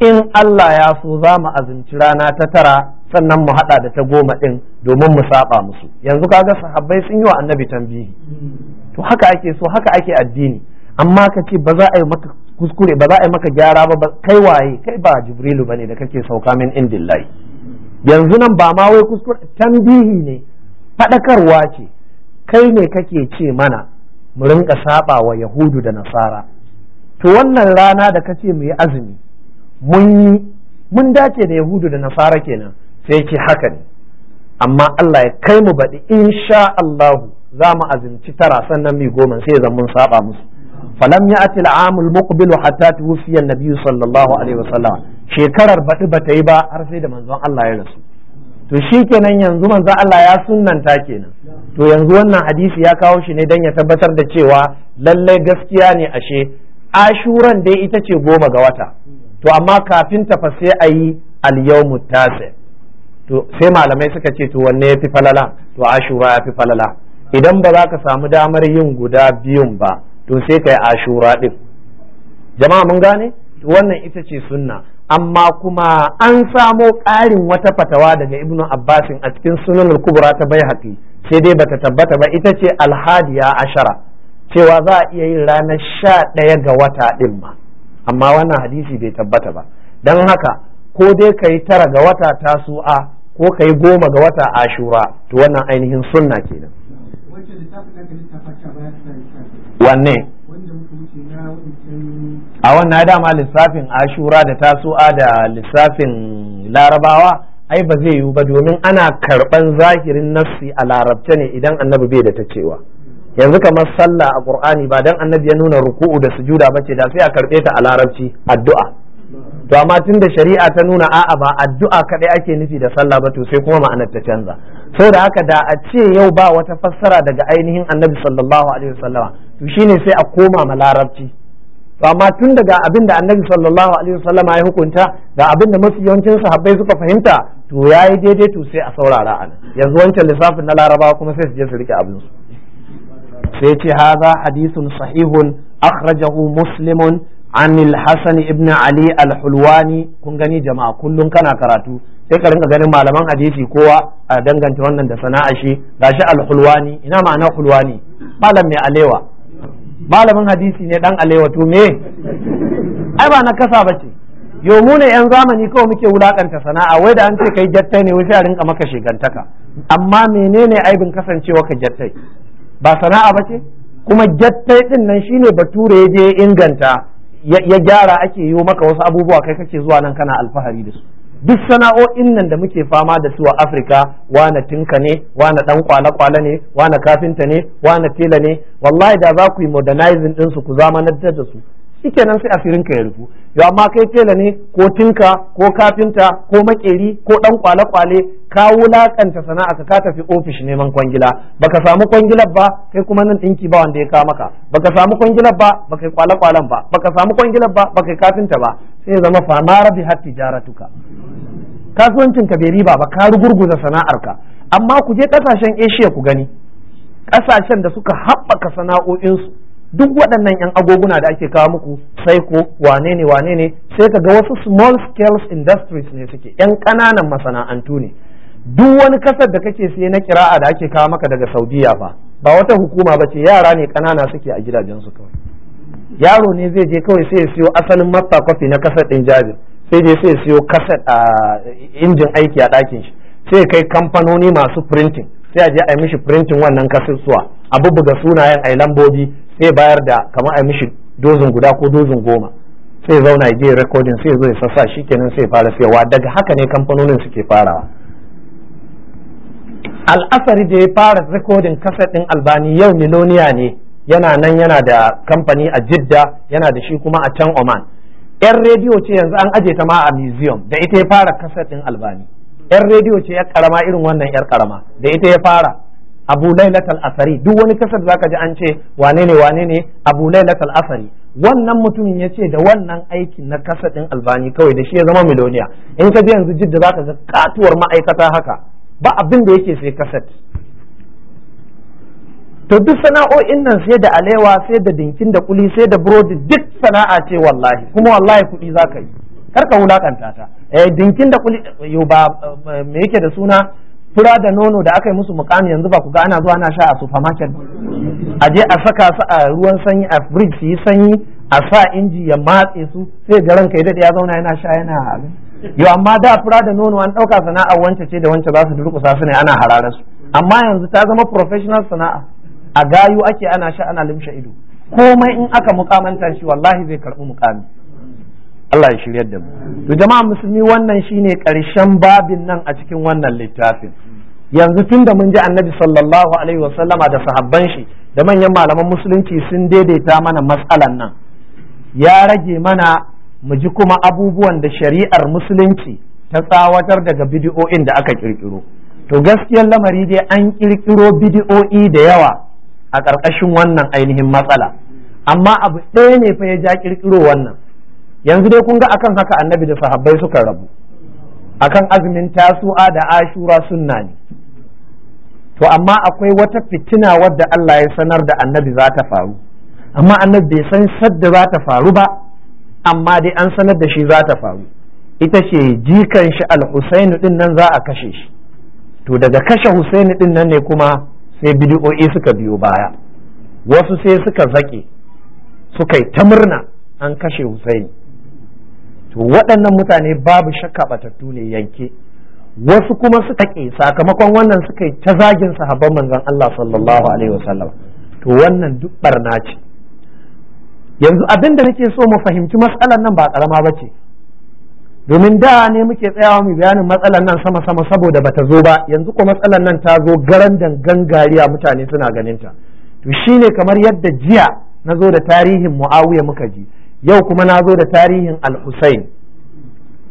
in Allah ya so za mu azumci rana ta tara sannan mu haɗa da ta goma ɗin domin mu saƙa musu yanzu kaga sahabai sun yi wa annabi tambihi to haka ake so haka ake addini amma ka ce ba za a yi maka kuskure ba za a yi maka gyara ba kai waye kai ba jibrilu bane da kake sauka min indillahi yanzu nan ba ma wai kuskure tambihi ne fadakarwa ce kai ne kake ce mana mu rinka saba wa yahudu da nasara to wannan rana da kace mu yi azumi mun yi mun dace da yahudu da nasara kenan sai ce haka ne amma Allah ya kai mu baɗi insha Allahu za mu azumci tara sannan mu goma sai zan mun saba musu falam ya atil amul muqbilu hatta tuwfiya an-nabi sallallahu alaihi sallam. shekarar batu bata yi ba har sai da manzon Allah ya rasu to kenan yanzu manzon Allah ya sunnanta kenan to yanzu wannan hadisi ya kawo shi ne dan ya tabbatar da cewa lallai gaskiya ne ashe ashuran dai ita ce goma ga wata to amma kafin ta sai ayi al-yawmu tasi to sai malamai suka ce to wanne yafi falala to ashura yafi falala idan ba za ka samu damar yin guda biyun ba to sai ka yi ashura ɗin jama'a mun gane wannan ita ce sunna amma kuma an samo ƙarin wata fatawa daga ibnu abbasin a cikin sunan kubra ta bai haƙi sai dai bata tabbata ba ita ce alhadiya ashara cewa za a iya yin ranar sha ɗaya ga wata ɗin ma amma wannan hadisi bai tabbata ba don haka ko dai ka yi tara ga wata tasu'a ko ka yi goma ga wata ashura to wannan ainihin sunna kenan wanne a wannan dama lissafin ashura da tasu'a da lissafin larabawa ai ba zai yiwu ba domin ana karban zahirin nassi a larabce ne idan annabi bai da ta cewa yanzu kamar sallah a qur'ani ba dan annabi ya nuna ruku'u da sujuda ba ce da sai a karɓe ta a larabci addu'a to amma tunda shari'a ta nuna a'a ba addu'a kaɗai ake nufi da sallah ba to sai kuma ma'anar ta canza da haka da a ce yau ba wata fassara daga ainihin annabi sallallahu alaihi wasallama to shine sai a koma ma larabci to amma tun daga abin da annabi sallallahu alaihi wasallama ya hukunta da abin da mafi yawancin sahabbai suka fahimta to yayi daidai to sai a saurara ana yanzu wancan lissafin na larabawa kuma sai su je su rike abin su sai ce haza hadithun sahihun akhrajahu muslimun Anil al-hasan ibn ali al-hulwani kun jama'a kullum kana karatu sai ka rinka ganin malaman hadisi kowa a danganta wannan da sana'a shi gashi al-hulwani ina ma'ana hulwani malam mai alewa malamin hadisi ne dan alewa to me ai ba na kasa bace yo mu ne yan zamani kawai muke wulakanta sana'a wai da an ce kai jattai ne wai sai a rinka maka shigantaka amma menene aibin kasancewa ka jattai ba sana'a bace kuma jattai din nan shine bature ya je inganta ya gyara ake yi maka wasu abubuwa kai kake zuwa nan kana alfahari da su duk sana'o'in nan da muke fama da su a Afirka wana tinka ne wane dan kwale-kwale ne wana kafinta ne wane tela ne wallahi da za ku yi modernizing din su ku zamanantar da su nan sai asirin ka ya rufu yau amma kai tela ne ko tinka ko kafinta ko makeri ko dan kwale-kwale ka wulakanta sana'a ka tafi ofish neman kwangila baka samu kwangilar ba kai kuma nan dinki ba wanda ya ka maka baka samu kwangilar ba baka kwale-kwalen ba baka samu kwangilar ba baka kafinta ba sai zama famara bi hatti jaratuka kasuwancin ka bai riba ba ka rugurguza sana'arka amma ku je kasashen Asia ku gani kasashen da suka haɓaka sana'o'insu duk waɗannan yan agoguna da ake kawo muku sai ko wane ne wane ne sai ka ga wasu small scale industries ne suke yan ƙananan masana'antu ne duk wani kasar da kake siye na kira'a da ake kawo maka daga saudiya fa ba wata hukuma ba ce yara ne ƙanana suke a gidajensu kawai yaro ne zai je kawai sai ya siyo asalin mafta kwafi na kasar ɗin jabi sai je sai ya siyo kasar a injin aiki a ɗakin shi sai kai kamfanoni masu printing sai a je a yi mishi printing wannan suwa a buga sunayen a lambobi zai bayar da kamar a mishi dozin guda ko dozin goma sai zauna ya je recording sai zo ya sassa shi kenan sai fara siyawa daga haka ne kamfanonin suke farawa al'asari da ya fara rikodin kaset din albani yau miloniya ne yana nan yana da kamfani a jidda yana da shi kuma a can oman yan rediyo ce yanzu an aje ta ma a museum da ita ya fara kaset din albani yan rediyo ce ya karama irin wannan yar karama da ita ya fara abu lailatul asari duk wani kasar zaka ji an ce wane ne wane ne abu lailatul asari wannan mutumin ya ce da wannan aikin na kasadin albani kawai da shi ya zama miloniya in ka ji yanzu jidda zaka ga katuwar ma'aikata haka ba abin da yake sai kasat to duk sana'o'in nan sai da alewa sai da dinkin da kuli sai da burodi duk sana'a ce wallahi kuma wallahi kuɗi zaka yi kar ka wulakanta ta eh dinkin da kuli yo ba me yake da suna fura da nono da aka yi musu mukami yanzu ba ku ga ana zuwa ana sha a supermarket a je a saka su a ruwan sanyi a fridge su yi sanyi a sa inji ya matse su sai ga ranka ya ya zauna yana sha yana abin yau amma da fura da nono an ɗauka sana'a wance ce da wance za su durkusa su ne ana harara su amma yanzu ta zama professional sana'a a gayu ake ana sha ana limsha ido komai in aka mukamantar shi wallahi zai karɓi mukami Allah ya shiryar da mu to jama'a musulmi wannan shine ƙarshen babin nan a cikin wannan littafin yanzu tun da mun ji annabi sallallahu alaihi wasallama da sahabban shi da manyan malaman musulunci sun daidaita mana matsalan nan ya rage mana mu ji kuma abubuwan da shari'ar musulunci ta tsawatar daga bidi'o'in da aka ƙirƙiro. to gaskiyar lamari dai an ƙirƙiro bidi'o'i da yawa a ƙarƙashin wannan ainihin matsala amma abu ɗaya ne fa ya ja kirkiro wannan yanzu dai kun ga akan haka annabi da sahabbai suka rabu akan azumin tasu'a da ashura sunna ne to amma akwai wata fitina wadda Allah ya sanar da annabi za ta faru amma annabi bai san sadda za ta faru ba amma dai an sanar da shi za ta faru ita ce jikan shi al-Husainu din nan za a kashe shi to daga kashe Husainu din nan ne kuma sai bidi'o'i suka biyo baya wasu sai suka zake suka yi ta murna an kashe Husaini to waɗannan mutane babu shakka batattu ne yanke wasu kuma suka ƙi sakamakon wannan suka yi ta zagin sahabban manzon Allah sallallahu alaihi wasallam to wannan duk barna ce yanzu abin da nake so mu fahimci matsalar nan ba karama ba ce domin da ne muke tsayawa mu bayanin matsalar nan sama sama saboda bata zo ba yanzu ko matsalar nan ta zo garan dangan gariya mutane suna ganinta ta to shine kamar yadda jiya na zo da tarihin muawiya muka ji yau kuma na zo da tarihin al-Husayn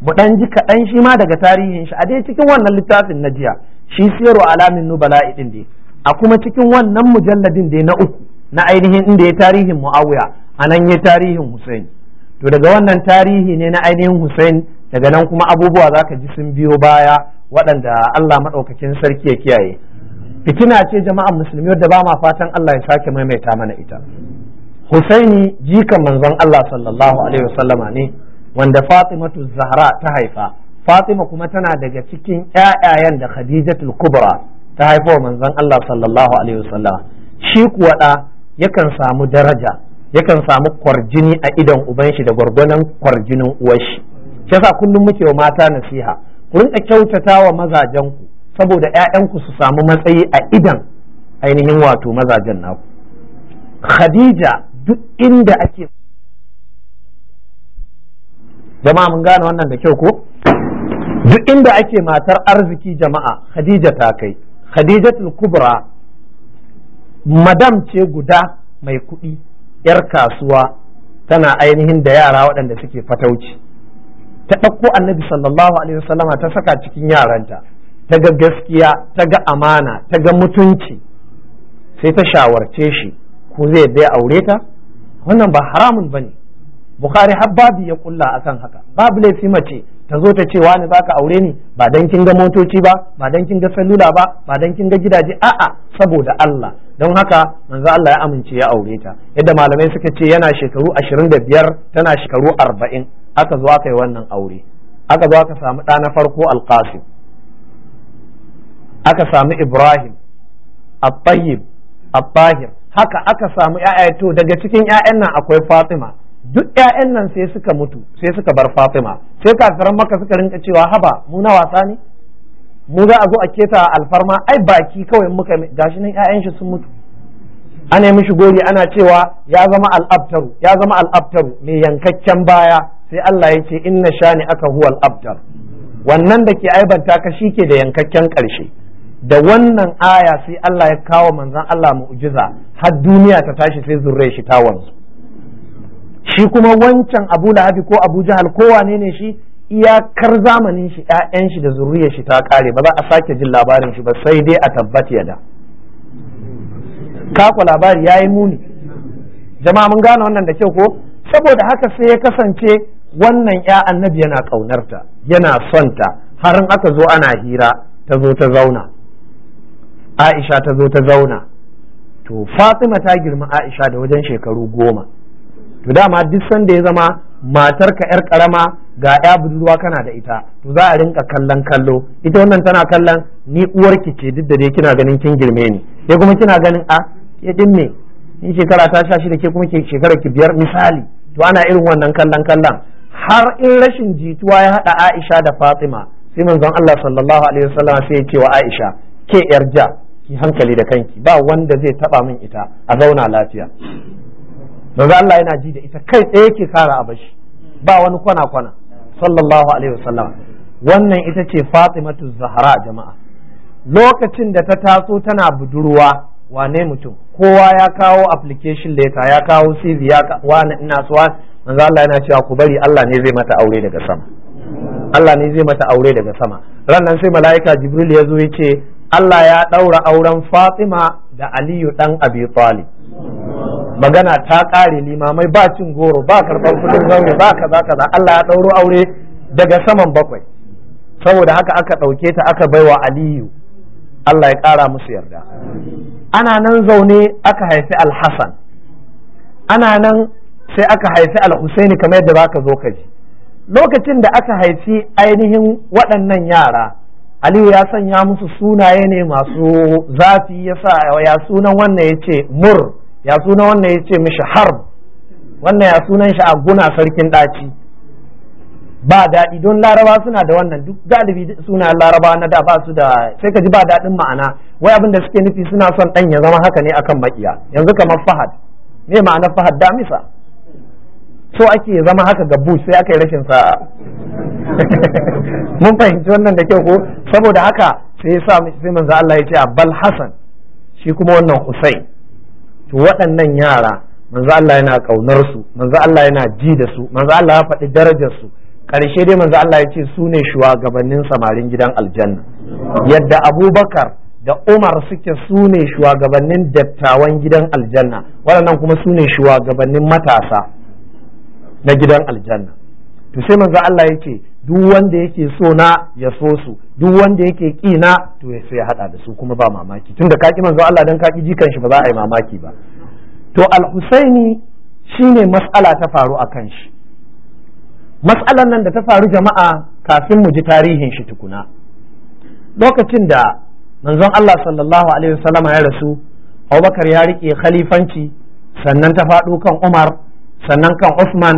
mu dan ji kaɗan shi ma daga tarihin shi a dai cikin wannan littafin na jiya shi siyaru alamin nubala din dai a kuma cikin wannan mujalladin dai na uku na ainihin inda ya tarihin Muawiya anan ya tarihin Husayn to daga wannan tarihi ne na ainihin Husayn daga nan kuma abubuwa zaka ji sun biyo baya waɗanda Allah maɗaukakin sarki ya kiyaye fitina ce jama'an musulmi wadda ba ma fatan Allah ya sake maimaita mana ita husaini jikan manzon Allah sallallahu alaihi wasallama ne wanda fatimatu zahra ta haifa fatima kuma tana daga cikin ƴaƴayen da khadijatul kubra ta haifa manzon Allah sallallahu alaihi wasallama shi kuwa da yakan samu daraja yakan samu kwarjini a idon uban shi da gwargwanon kwarjinin uwar shi yasa kullum muke wa mata nasiha ku rinka kyautata wa mazajen ku saboda yayanku su samu matsayi a idan ainihin wato mazajen naku khadija duk inda ake jama'a mun gane wannan da kyau ko duk inda ake matar arziki jama'a khadija ta kai khadijatul kubra madam ce guda mai kuɗi 'yar kasuwa tana ainihin da yara waɗanda suke fatauci ta ɗauko annabi sallallahu alaihi wasallama ta saka cikin yaranta ta ga gaskiya ta ga amana ta ga mutunci sai ta shawarce shi ko zai ya aure ta wannan ba haramun bane bukhari har babu ya kulla akan haka babu laifi mace ta zo ta ce wani zaka aure ni ba dan kin ga motoci ba ba dan kin ga salula ba ba dan kin ga gidaje a'a saboda Allah don haka manzo Allah ya amince ya aure ta yadda malamai suka ce yana shekaru ashirin da biyar tana shekaru arba'in, aka zo aka yi wannan aure aka zo aka samu ɗa na farko alƙasim aka samu ibrahim at-tayyib haka aka samu ‘ya'ya to daga cikin ‘ya'yan nan akwai fatima duk ‘ya'yan nan sai suka mutu sai suka bar fatima sai kafiran maka suka rinka cewa haba mu na wasa ne mu za a zo a keta alfarma ai baki kawai muka gashi nan ‘ya'yan shi sun mutu ana yi mishi gori ana cewa ya zama al'abtaru ya zama al'abtaru mai yankakken baya sai Allah ya ce inna shani aka huwa al'abtar wannan da ke aibanta ka shi ke da yankakken ƙarshe da wannan aya sai Allah ya kawo manzan Allah mu'jiza har duniya ta tashi sai zurre shi ta wanzu shi kuma wancan Abu Lahadi ko Abu Jahal ko wane ne shi iyakar zamanin shi ƴaƴan shi da zurriyar shi ta kare ba za a sake jin labarin shi ba sai dai a tabbata yada kako labari yayi muni jama'a mun gane wannan da kyau ko saboda haka sai ya kasance wannan ya annabi yana kaunarta, yana son ta har in aka zo ana hira ta zo ta zauna aisha ta zo ta zauna to fatima ta girma aisha da wajen shekaru goma to dama duk sanda ya zama matarka yar karama ga ya budurwa kana da ita to za a rinka kallon kallo ita wannan tana kallon ni uwarki ce duk da dai kina ganin kin girme ni dai kuma kina ganin a ah, ke din me in shekara ta sha shida ke kuma ke shekara ki biyar misali to ana irin wannan kallon kallon har in rashin jituwa ya haɗa Aisha da Fatima sai manzon Allah sallallahu alaihi wasallam sai ya ce wa Aisha ke yar ja ki hankali da kanki ba wanda zai taba min ita a zauna lafiya manzo Allah yana ji da ita kai tsaye ke kara a bashi ba wani kwana kwana sallallahu alaihi wasallam wannan ita ce Fatimatu Zahra jama'a lokacin da ta taso tana budurwa wane mutum kowa ya kawo application letter ya kawo CV ya wani ina so manzo Allah yana cewa ku bari Allah ne zai mata aure daga sama Allah ne zai mata aure daga sama ran nan sai mala'ika Jibril ya zo ya ce Allah ya ɗaura auren Fatima da Aliyu ɗan Abi Talib. Magana ta ƙare limamai ba cin goro ba karɓar kudin zaure ba kaza kaza Allah ya ɗauro aure daga saman bakwai. Saboda haka aka ɗauke ta aka baiwa Aliyu Allah ya ƙara musu yarda. Ana nan zaune aka haifi Alhassan. Ana nan sai aka haifi Alhussaini kamar yadda ba ka zo ka ji. Lokacin da aka haifi ainihin waɗannan yara. aliyu ya sanya musu sunaye ne masu zafi ya sa ya sunan wannan ya ce mur ya sunan wannan ya ce mishi harb wannan ya sunan shi a guna sarkin daci. ba daɗi don laraba suna da wannan duk galibi suna laraba na da ba su da sai ka ji ba daɗin ma'ana wai abin da suke nufi suna son ɗan ya zama haka ne akan maƙiya yanzu kamar fahad me ma'anar fahad damisa so ake zama haka ga bush sai aka yi rashin sa'a mun fahimci wannan da kyau ko saboda haka sai sa sai manzo Allah ya ce abbal hasan shi kuma wannan husain to waɗannan yara manzo Allah yana kaunar su manzo Allah yana ji da su manzo Allah ya faɗi darajar su karshe dai manzo Allah ya ce su ne shugabannin samarin gidan aljanna yadda abubakar da umar suke su ne shugabannin dattawan gidan aljanna waɗannan kuma su ne shugabannin matasa na gidan aljanna to sai manzo Allah ya duk wanda yake so na ya so su duk wanda yake ki na to ya sai ya hada da su kuma ba mamaki tunda ka manzo Allah dan kaki ki jikan shi ba za a yi mamaki ba to al-Husaini shine mas'ala ta faru akan shi mas'alan nan da ta faru jama'a kafin mu ji tarihin shi tukuna lokacin da manzon Allah sallallahu alaihi wasallam ya rasu Abubakar ya rike khalifanci sannan ta faɗo kan Umar sannan kan Usman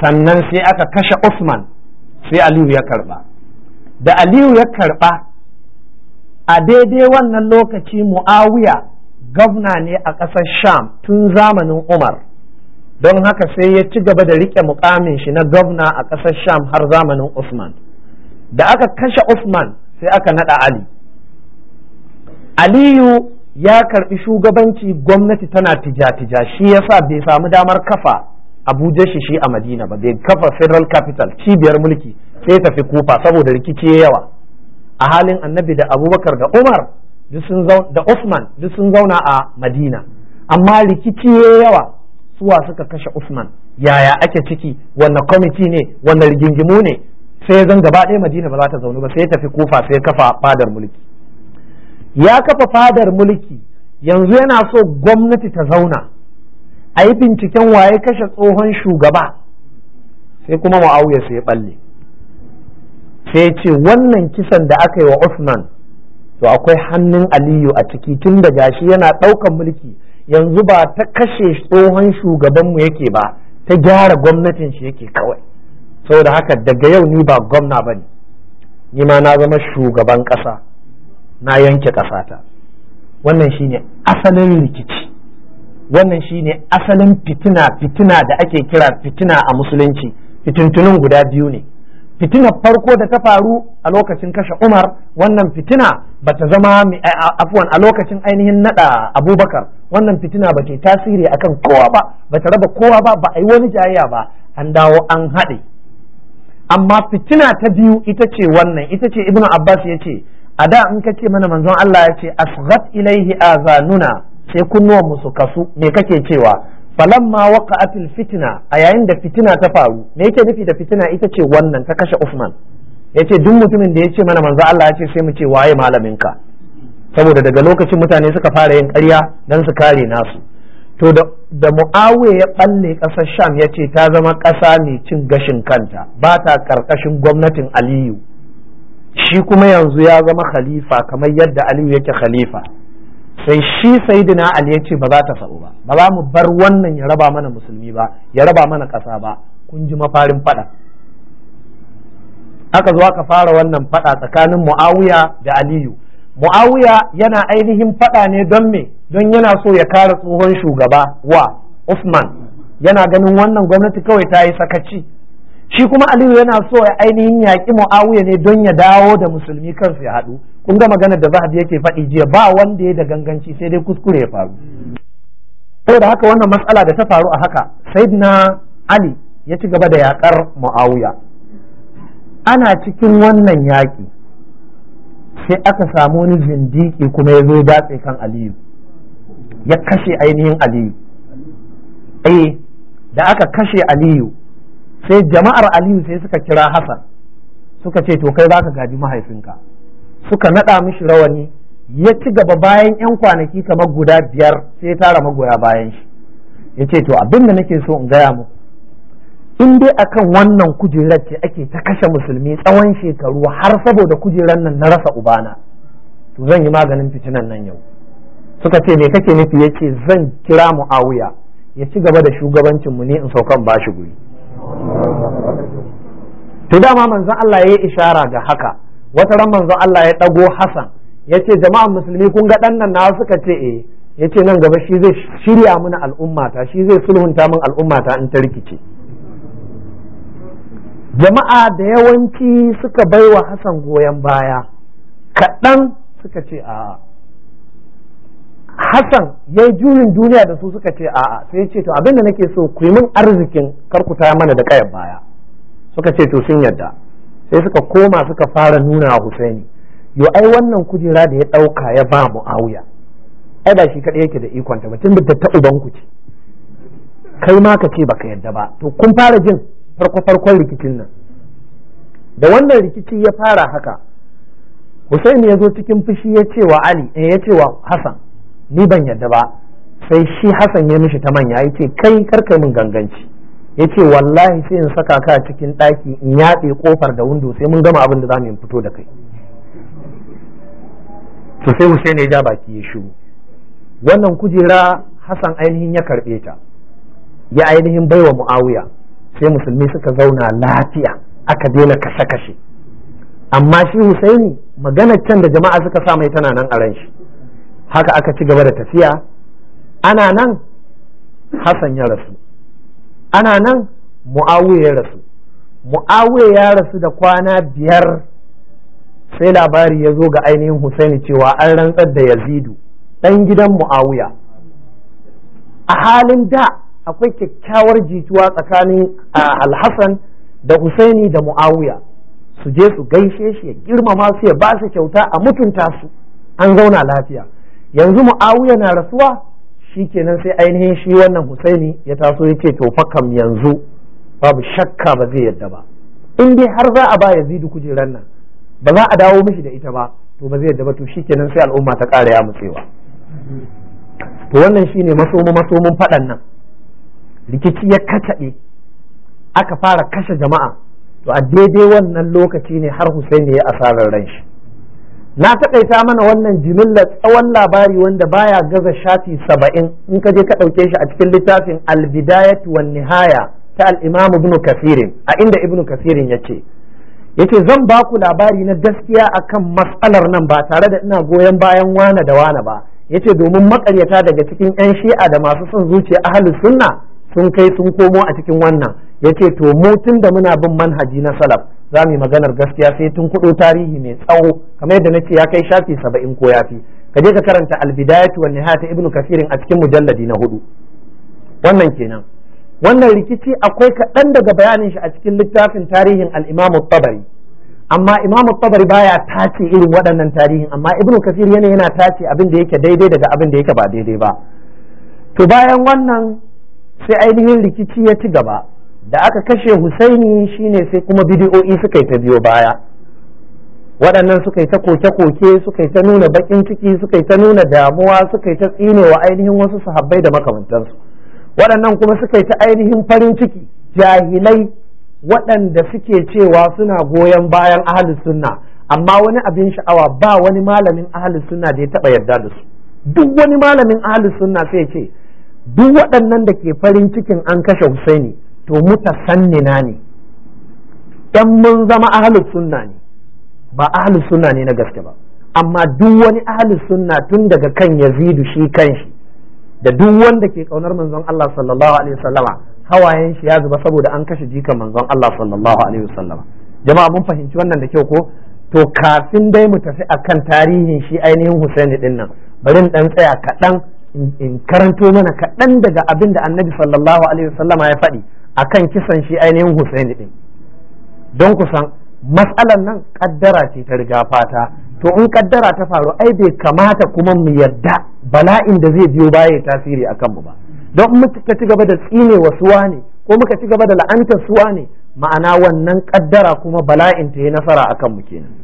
sannan sai aka kashe Usman sai Aliyu ya karba da Aliyu ya karba a daidai wannan lokaci Muawiya gwamna ne a ƙasar Sham tun zamanin Umar don haka sai ya ci gaba da riƙe mukamin shi na gwamna a ƙasar Sham har zamanin Usman da aka kashe Usman sai aka naɗa Ali Aliyu ya karɓi shugabanci gwamnati tana tija-tija shi yasa bai samu damar kafa abuja shi shi a madina ba bai kafa federal capital cibiyar mulki sai tafi kufa saboda rikici yawa a halin annabi da abubakar da umar da usman duk sun zauna a madina amma rikici yawa suwa suka kashe usman yaya ake ciki wannan kwamiti ne wannan rigingimu ne sai zan gaba ɗaya madina ba za ta zaunu ba sai tafi kufa sai kafa fadar mulki ya kafa fadar mulki yanzu yana so gwamnati ta zauna a yi binciken waye kashe tsohon shugaba sai kuma ma'auya sai balle sai ce wannan kisan da aka yi wa Usman to akwai hannun aliyu a ciki tun da gashi yana ɗaukan mulki yanzu ba ta kashe tsohon shugabanmu yake ba ta gyara gwamnatin shi yake kawai saboda haka daga yau ni ba gwamna ba ne ni ma na zama shugaban ƙasa na yanke ƙasata wannan shine asalin rikici wannan shine asalin fitina fitina da ake kira fitina a musulunci fitintunin guda biyu ne fitina farko da ta faru a lokacin kashe umar wannan fitina ba ta zama afuwan a lokacin ainihin naɗa abubakar wannan fitina ba ta tasiri akan kowa ba ba ta raba kowa ba ba a yi wani jayayya ba an dawo an haɗe amma fitina ta biyu ita ce wannan ita ce ibnu abbas ya ce a da in ka ce mana manzon allah ya ce asghat ilaihi azanuna sai kunnuwan mu su kasu me kake cewa ma waqa'atil fitna a yayin da fitina ta faru me yake nufi da fitina ita ce wannan ta kashe Uthman yace duk mutumin da ya ce mana manzo Allah ya ce sai mu ce waye malamin ka saboda daga lokacin mutane suka fara yin ƙarya dan su kare nasu to da mu'awiya ya balle ƙasar sham ya ce ta zama ƙasa mai cin gashin kanta ba ta ƙarƙashin gwamnatin aliyu shi kuma yanzu ya zama khalifa kamar yadda aliyu yake khalifa sai shi sayyidina ali ya ce ba za ta faru ba ba za mu bar wannan ya raba mana musulmi ba ya raba mana ƙasa ba kun ji mafarin faɗa aka zo aka fara wannan faɗa tsakanin muawiya da aliyu muawiya yana ainihin faɗa ne don me don yana so ya kare tsohon shugaba wa usman yana ganin wannan gwamnati kawai ta yi sakaci shi kuma aliyu yana so ya ainihin yaƙi muawiya ne don ya dawo da musulmi kansu ya haɗu kun ga maganar da zahabi yake faɗi jiya ba wanda ya da ganganci sai dai kuskure ya faru da haka wannan matsala da ta faru a haka na ali ya ci gaba da yakar muawiya ana cikin wannan yaƙi sai aka samu wani zindiki kuma ya zo datse kan aliyu ya kashe ainihin aliyu eh da aka kashe aliyu sai jama'ar aliyu sai suka kira hassan suka ce to kai za ka gaji mahaifinka suka naɗa mishi rawani ya ci gaba bayan 'yan kwanaki kamar guda biyar sai ya tara magoya bayan shi ya ce to abin da nake so in gaya muku in dai akan wannan kujerar ce ake ta kashe musulmi tsawon shekaru har saboda kujerar nan na rasa ubana to zan yi maganin fitinan nan yau suka ce me kake nufi ya ce zan kira mu'awiya ya ci gaba da shugabancinmu ne in saukan bashi guri to dama manzon Allah ya yi ishara ga haka wata ran manzon Allah ya dago Hassan yace jama'an musulmi kun ga dan nan na suka ce eh yace nan gaba shi zai shirya mana al'ummata shi zai sulhunta mun al'ummata in ta rikice jama'a da yawanci suka baiwa Hassan goyon baya kaɗan suka ce a'a Hassan ya yi juyin duniya da su suka ce a'a sai ya ce to abinda nake so ku yi min arzikin kar ku taya mana da kayan baya suka ce to sun yarda. sai suka koma suka fara nuna a Husaini yo ai wannan kujera da ya ɗauka ya ba mu Muawiya ai ba shi kaɗai yake da ikon ta mutum da ta uban ce kai ma ka ce baka yadda ba to kun fara jin farko farkon rikicin nan da wannan rikici ya fara haka Husaini ya zo cikin fushi ya ce wa Ali eh ya ce wa Hassan ni ban yadda ba sai shi Hassan ya mishi ta manya ya ce kai karka min ganganci ya ce wallahi sai in saka ka cikin ɗaki in yaɗe ƙofar da windo sai mun gama abin da za mu fito da kai to sai Hussein ya ja baki ya shiru wannan kujera Hassan ainihin ya karɓe ta ya ainihin baiwa Muawiya sai musulmi suka zauna lafiya aka daina kashe-kashe amma shi Husaini maganar can da jama'a suka sa mai tana nan a ran shi haka aka ci gaba da tafiya ana nan Hassan ya rasu ana nan mu'awiya ya rasu mu'awiya ya rasu da kwana biyar sai labari ya zo ga ainihin husaini cewa an rantsar da yazidu ɗan gidan mu'awiya a halin da akwai kyakkyawar jituwa tsakanin alhassan da husaini da mu'awiya su je su gaishe shi ya girmama su ya ba su kyauta a mutunta su an zauna lafiya yanzu mu'awiya na rasuwa shi kenan sai ainihin shi wannan husaini ya taso ya ce to fakam yanzu babu shakka ba zai yadda ba in dai har za a ba yazidu kujeran nan ba za a dawo mishi da ita ba to ba zai yadda ba to shikenan sai al'umma ta ƙara ya mutsewa to wannan shine masomo masomin faɗan nan rikici ya kacaɗe aka fara kashe jama'a to a daidai wannan lokaci ne har husaini ya asarar ran shi na takaita mana wannan jimillar tsawon labari wanda baya gaza shafi saba'in in ka je ka ɗauke shi a cikin littafin albidayat wal nihaya ta al ibn kasirin a inda ibn kasirin ya ce yace zan ba ku labari na gaskiya akan matsalar nan ba tare da ina goyon bayan wane da wane ba yace domin makaryata daga cikin yan shi'a da masu son zuciya ahli sunna sun kai sun komo a cikin wannan yace to mu tun da muna bin manhaji na salaf za mu yi maganar gaskiya sai tun kuɗo tarihi mai tsawo kamar yadda na nace ya kai shafi saba'in ko ya fi. ka je ka karanta albidayatu wa nihaya ta ibnu kasirin a cikin mujalladi na hudu wannan kenan wannan rikici akwai kaɗan daga bayanin shi a cikin littafin tarihin al-imamu tabari amma imamu tabari baya tace irin waɗannan tarihin amma ibnu kasir yana yana tace abin da yake daidai daga abin da yake ba daidai ba to bayan wannan sai ainihin rikici ya ci gaba da aka kashe husaini shine sai kuma bidiyo'i suka yi ta biyo baya waɗannan suka yi ta koke-koke suka yi ta nuna baƙin ciki suka yi ta nuna damuwa suka yi ta tsinewa ainihin wasu sahabbai da makamantansu waɗannan kuma suka yi ta ainihin farin ciki jahilai waɗanda suke cewa suna goyon bayan ahalus sunna amma wani abin sha'awa ba wani malamin ahalus sunna da ya taɓa yarda da su duk wani malamin ahalus sunna sai ce duk waɗannan da ke farin cikin an kashe husaini to mutasannina ne dan mun zama ahlus sunna ne ba ahlus sunna ne na gaske ba amma duk wani ahlus sunna tun daga kan yazidu shi kanshi da duk wanda ke kaunar manzon Allah sallallahu alaihi wasallama hawayen shi ya zuba saboda an kashe jikan manzon Allah sallallahu alaihi wasallama jama'a mun fahimci wannan da kyau ko to kafin dai mu tafi akan tarihin shi ainihin Husaini din nan bari in dan tsaya kaɗan in karanto mana kaɗan daga abinda annabi sallallahu alaihi wasallama ya faɗi akan kisan shi ainihin Hussaini din don ku san matsalan nan kaddara ce ta riga fata to in kaddara ta faru ai bai kamata kuma mu yadda bala'in da zai biyo baya tasiri akan mu ba don in muka ci gaba da tsine wa suwa ne ko muka ci gaba da la'antar suwa ne ma'ana wannan kaddara kuma bala'in ta yi nasara akan mu kenan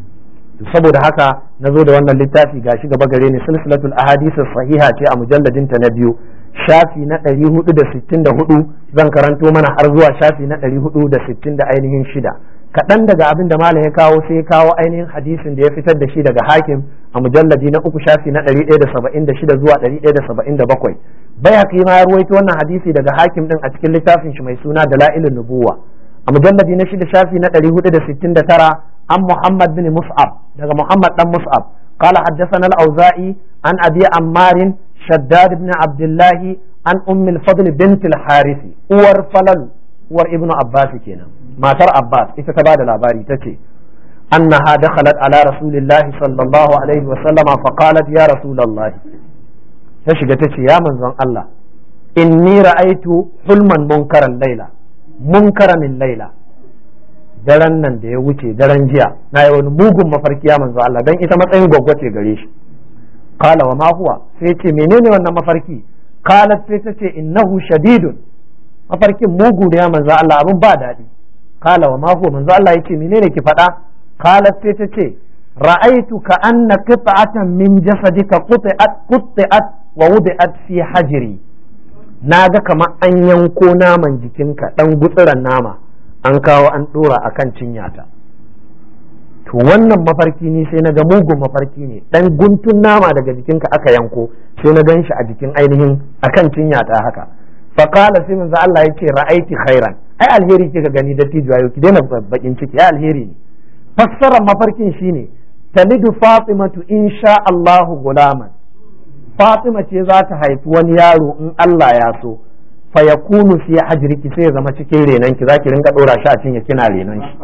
saboda haka na zo da wannan littafi shi gaba gare ni silsilatul ahadith sahiha ce a mujalladin ta na biyu shafi na ɗari hudu da sittin da hudu zan karanto mana har zuwa shafi na ɗari hudu da sittin da ainihin shida kaɗan daga abin da malam ya kawo sai ya kawo ainihin hadisin da ya fitar da shi daga hakim a mujallaji na uku shafi na ɗari ɗaya da saba'in da shida zuwa ɗari ɗaya da saba'in da bakwai bayaki ma ya ruwaito wannan hadisi daga hakim din a cikin littafin shi mai suna da la'ilin nubuwa a mujallaji na shida shafi na ɗari hudu da sittin da tara an muhammad bin mus'ab daga muhammad ɗan mus'ab قال حدثنا الأوزائي عن أبي عمار shaddad ibn abdullahi an ummil fadl bint Harisi, uwar falal uwar ibnu abbas kenan matar abbas ita ta ba da labari tace annaha dakhalat ala rasulillahi sallallahu alaihi wa sallama fa qalat ya rasulullahi ta shiga tace ya manzon Allah inni ra'aitu hulman munkaran laila munkaramin laila daren nan da ya wuce daren jiya na yi mugun mafarki ya manzo Allah dan ita matsayin gwaggwace gare shi qala wa ma sai ce menene wannan mafarki qalat sai ta ce innahu shadidun mafarkin mugu ne manzo Allah abin ba daɗi qala wa ma huwa manzo Allah yace menene ki faɗa qalat sai ta ce ra'aitu ka anna qit'atan min jasadika qut'at qut'at wa wudi'at fi hajri naga kamar an yanko naman jikinka dan gutsuran nama an kawo an dora akan cinyata to wannan mafarki ne sai na ga mugun mafarki ne dan guntun nama daga jikinka aka yanko sai na ganshi a jikin ainihin akan cinya ta haka fa qala sai manzo Allah yake ra'aiti khairan ai alheri kika gani da tijayo ki daina bakin ciki ai alheri ne fassarar mafarkin shine talidu fatimatu insha Allahu gulaman fatima ce za ta haifi wani yaro in Allah ya so fa yakunu fi hajriki sai ya zama cikin renon ki zaki rinka dora shi a cinye kina renon shi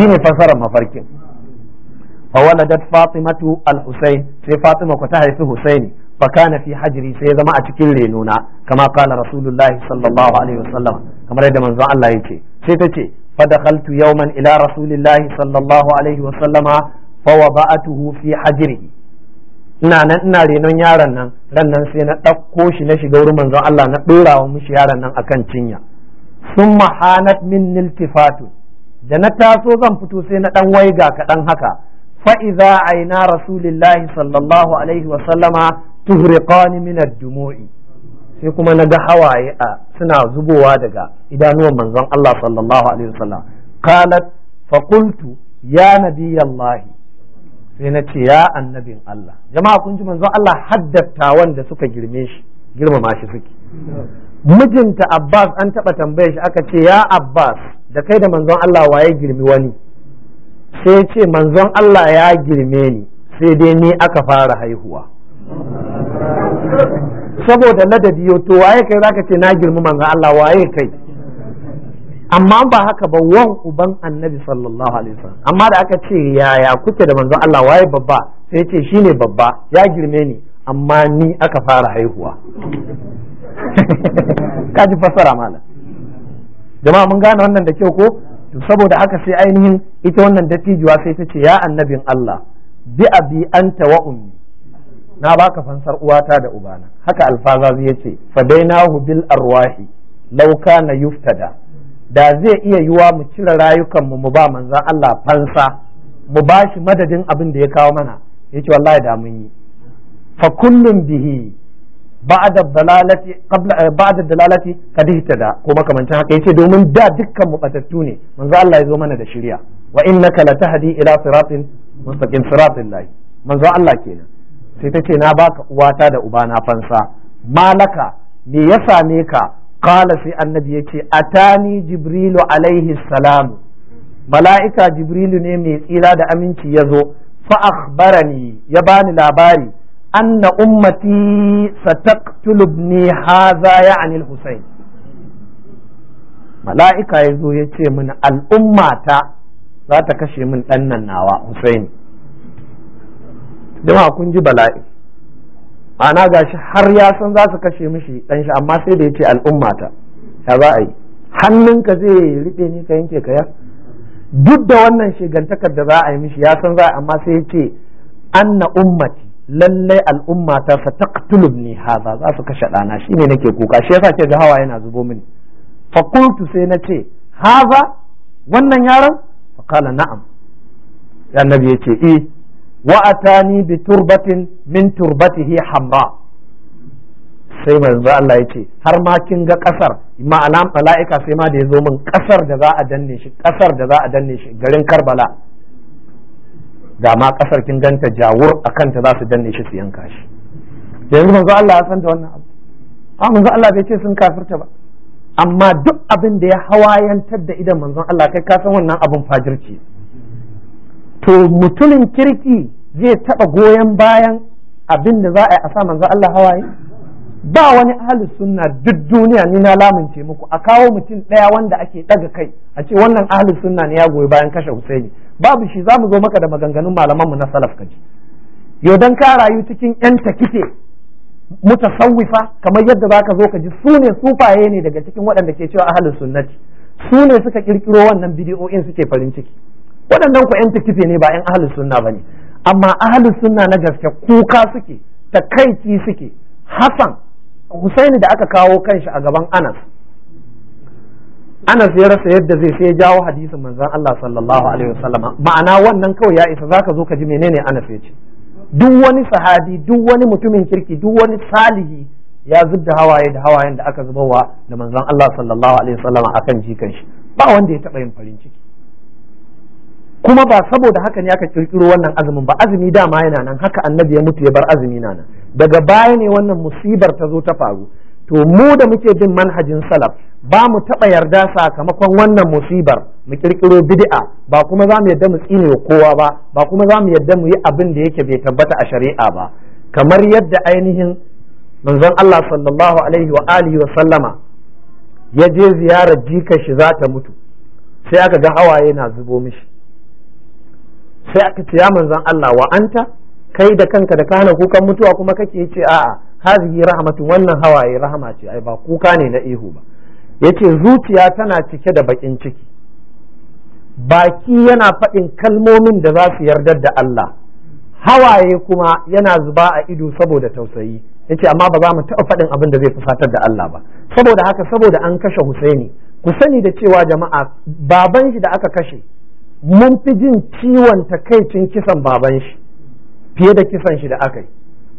shine fassarar mafarkin fawaladat fatimatu al-husayn sai fatima ku ta haifi hussaini fa kana fi hajiri sai ya zama a cikin renona kama kala rasulullahi sallallahu alaihi wasallam kamar yadda manzon Allah yake sai ta ce fa yau yawman ila rasulillahi sallallahu alaihi wasallama fa wada'atuhu fi hajrihi ina nan ina renon yaron nan ran nan sai na ɗauko shi na shiga wurin manzon Allah na ɗora wa mishi yaron nan akan cinya sun mahanat min niltifatu da na taso zan fito sai na ɗan waiga kaɗan haka fa'iza aina rasulillahi sallallahu alaihi wasallama tuhriqani min ad sai kuma na ga hawaye a suna zubowa daga idanuwan manzon Allah sallallahu alaihi wasallam qalat fa qultu ya nabiyallahi sai na ce ya annabin Allah jama'a kun ji manzon Allah haddata wanda suka girme shi girmama shi suke mijinta Abbas an taba tambaye shi aka ce ya Abbas da kai da manzon Allah waye girmi wani sai ce manzon Allah ya girme ni sai dai ni aka fara haihuwa saboda ladabi to waye kai zaka ce na girmi manzon Allah waye kai amma ba haka ba wan uban annabi sallallahu alaihi wasallam amma da aka ce yaya kuke da manzon Allah waye babba sai ce shine babba ya girme ni amma ni aka fara haihuwa kaji fasara malam jama'a mun gane wannan da kyau ko to saboda haka sai ainihin ita wannan dattijuwa sai ta ce ya annabin Allah bi abi anta wa ummi na baka fansar uwata da ubana haka alfazazi yace dainahu bil arwahi law kana yuftada da zai iya yiwa mu cire rayukan mu mu ba manzon Allah fansa mu bashi madadin abin da ya kawo mana yace wallahi da mun yi fa kullum bihi ba'da dalalati qabla eh, ba'da dalalati kad ihtada ko makamancin haka yace domin da dukkan mu batattu ne manzo Allah ya zo mana da shari'a wa innaka tahadi ila siratin mustaqim siratil lahi manzo Allah kenan sai tace na baka uwata da uba na fansa malaka me ya same ka qala sai annabi yace atani jibrilu alaihi salam mala'ika jibrilu ne mai tsira da aminci ya zo fa akhbarani ya bani labari anna ummati sataqtulu ibni hadha ya'ni al-husayn mala'ika ya zo ya ce min al'ummata za ta kashe min ɗan nan nawa Hussein jama'a kun ji bala'i gashi har ya san za su kashe mishi ɗan shi amma sai da ya ce al'ummata ya za a yi hannunka zai riƙe ni ka yanke kaya duk da wannan shigantakar da za a yi mishi ya san za amma sai ya ce na ummati lallai al'umma ta fa taqtulub ni hadha za su kashe dana shine nake kuka shi yasa ke ga hawa yana zubo mini fa qultu sai nace hadha wannan yaron fa qala na'am annabi yace eh wa atani bi turbatin min turbatihi hamra sai manzo Allah yace har ma kin ga kasar ma'ana mala'ika sai ma da yazo min kasar da za a danne shi kasar da za a danne shi garin Karbala da ma kasar kin danta jawur a kanta za su danne shi su yanka shi yanzu manzo Allah ya san da wannan abu a manzo Allah bai ce sun kafirta ba amma duk abin da ya hawayantar da idan manzon Allah kai ka san wannan abin fajirci to mutumin kirki zai taba goyon bayan abin da za a yi a sa manzon Allah hawaye ba wani ahlus sunna duk duniya ni na lamunce muku a kawo mutum daya wanda ake daga kai a ce wannan ahlus sunna ne ya goyi bayan kashe Husaini babu shi za mu zo maka da maganganun malamanmu na salaf kaji yau dan ka rayu cikin yan takite mutasawwifa kamar yadda za ka zo ka ji su ne sufaye ne daga cikin waɗanda ke cewa ahalin sunnati su ne suka kirkiro wannan bidiyo'in suke farin ciki waɗannan ku yan takite ne ba yan ahlus sunna ne amma ahlus sunna na gaske kuka suke takaici suke Hassan husaini da aka kawo kanshi a gaban anas Anas ya rasa yadda zai sai jawo hadisin manzon Allah sallallahu alaihi wasallam ma'ana wannan kawai ya isa zaka zo ka ji menene Anas ya ce duk wani sahabi duk wani mutumin kirki duk wani salihi ya zubda hawaye da hawayen da aka zubawa da manzon Allah sallallahu alaihi wasallam akan jikan shi ba wanda ya taba yin farin ciki kuma ba saboda haka ne aka kirkiro wannan azumin ba azumi dama yana nan haka annabi ya mutu ya bar azumi na nan daga baya ne wannan musibar ta zo ta faru to mu da muke bin manhajin salaf ba mu taɓa yarda sakamakon wannan musibar mu kirkiro bid'a ba kuma za mu yarda mu tsine kowa ba ba kuma za mu yarda mu yi abin da yake bai tabbata a shari'a ba kamar yadda ainihin manzon Allah sallallahu alaihi wa alihi wa sallama ya je ziyarar jikar shi za ta mutu sai aka ga hawaye na zubo mishi sai aka ce ya manzon Allah wa anta kai da kanka da kana kukan mutuwa kuma kake ce a'a hazihi rahmatu wannan hawaye rahama ce ai ba kuka ne na ihu ba yace zuciya tana cike da bakin ciki baki yana faɗin kalmomin da za su yardar da Allah hawaye kuma yana zuba a ido saboda tausayi yace amma ba za mu taɓa faɗin abin da zai fusatar da Allah ba saboda haka saboda an kashe Husaini ku sani da cewa jama'a baban shi da aka kashe mun fi jin ciwon takaicin kisan baban shi fiye da kisan shi da aka yi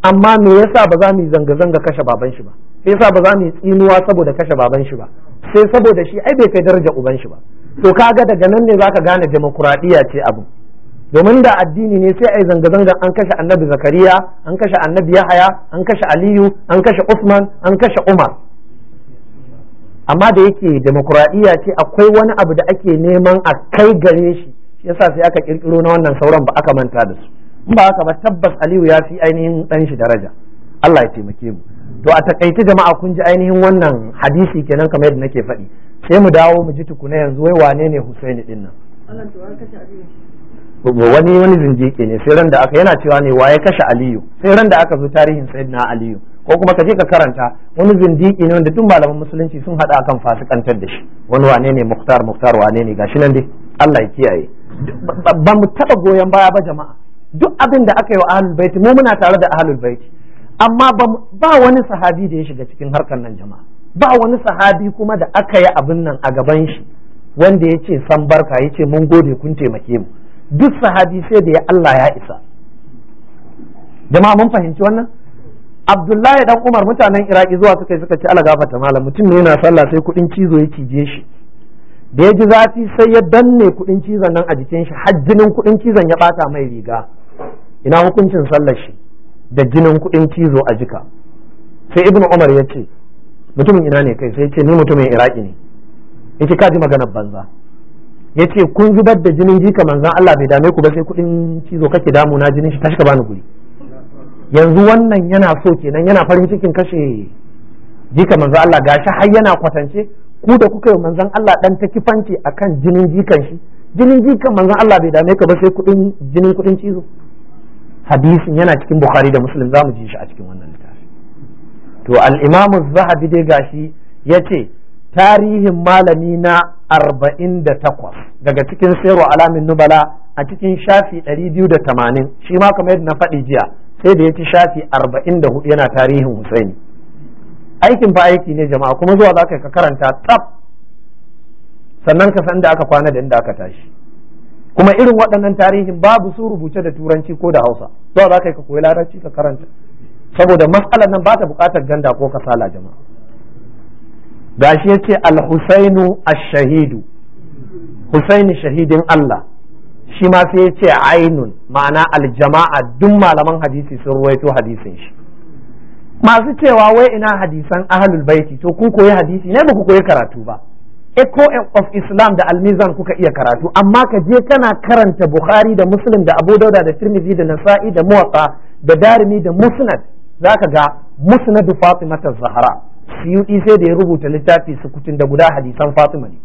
amma me yasa ba za mu yi zanga-zanga kashe baban shi ba me yasa ba za mu yi tsinuwa saboda kashe baban shi ba sai saboda shi ai bai kai daraja uban shi ba to kaga daga nan ne zaka gane demokuraɗiyya ce abu domin da addini ne sai ai zanga-zanga an kashe annabi zakariya an kashe annabi yahaya an kashe aliyu an kashe usman an kashe umar amma da yake demokuraɗiyya ce akwai wani abu da ake neman a kai gare shi yasa sai aka kirkiro na wannan sauran ba aka manta da su in ba haka ba tabbas aliyu ya fi ainihin ɗan shi daraja Allah ya taimake mu to a takaice jama'a kun ji ainihin wannan hadisi kenan kamar yadda nake faɗi sai mu dawo mu ji tukuna yanzu wai wane ne Husaini din nan wani wani zinjike ne sai ran da aka yana cewa ne waye kashe Aliyu sai ran da aka zo tarihin sayyidina Aliyu ko kuma ka je ka karanta wani zindiki ne wanda tun malaman musulunci sun hada akan fasikantar da shi wani wane ne Muktar Muktar wane ne gashi nan dai Allah ya kiyaye ba mu taba goyon baya ba jama'a duk abin da aka yi wa ahalul baiti mu muna tare da ahalul baiti amma ba wani sahabi da ya shiga cikin harkar nan jama'a ba wani sahabi kuma da aka yi abin nan a gaban shi wanda ya ce san barka ya ce mun gode kun taimake mu duk sahabi sai da ya Allah ya isa jama'a mun fahimci wannan abdullahi dan umar mutanen iraki zuwa suka yi suka ci Allah gafarta malam mutum ne yana sallah sai kudin cizo ya cije shi da ya ji zafi sai ya danne kudin cizon nan a jikin shi har jinin kudin cizon ya bata mai riga ina hukuncin sallar shi da jinin kuɗin cizo a jika sai ibn umar ya ce mutumin ina ne kai sai ce ni mutumin iraki ne yace ka ji maganar banza yace kun zubar da jinin jika manzan Allah bai dame ku ba sai kuɗin cizo kake damu na jinin shi tashi ka bani guri yanzu wannan yana so kenan yana farin cikin kashe jika manzan Allah gashi har yana kwatance ku da kuka yi manzan Allah dan ta kifanci akan jinin jikan shi jinin jikan manzan Allah bai dame ka ba sai kuɗin jinin kuɗin cizo hadisin yana cikin bukhari da muslim za mu ji shi a cikin wannan littafi to al-imam zahabi dai gashi ce tarihin malami na arba'in da takwas daga cikin sayarwa alamin nubala a cikin shafi ɗari biyu da tamanin shi ma kamar yadda na faɗi jiya sai da ya ci shafi arba'in da hudu yana tarihin husaini aikin ba aiki ne jama'a kuma zuwa za ka karanta tsaf sannan ka san da aka kwana da inda aka tashi kuma irin waɗannan tarihin babu su rubuce da turanci ko da hausa zuwa za ka yi ka koyi larabci ka karanta saboda matsalar nan ba ta buƙatar ganda ko kasala jama'a gashi yace al-husainu ash-shahidu husaini shahidin Allah shi ma sai yace ainun ma'ana al-jama'a duk malaman hadisi sun ruwaito hadisin shi masu cewa wai ina hadisan ahlul baiti to ku koyi hadisi ne ba ku koyi karatu ba echo of islam da almizan kuka iya karatu amma ka je kana karanta bukhari da muslim da abu dauda da tirmidhi da nasa'i da muwatta da darimi da musnad zaka ga musnadu fatimata zahara suyuti sai da ya rubuta littafi sukutun da guda hadisan fatima ne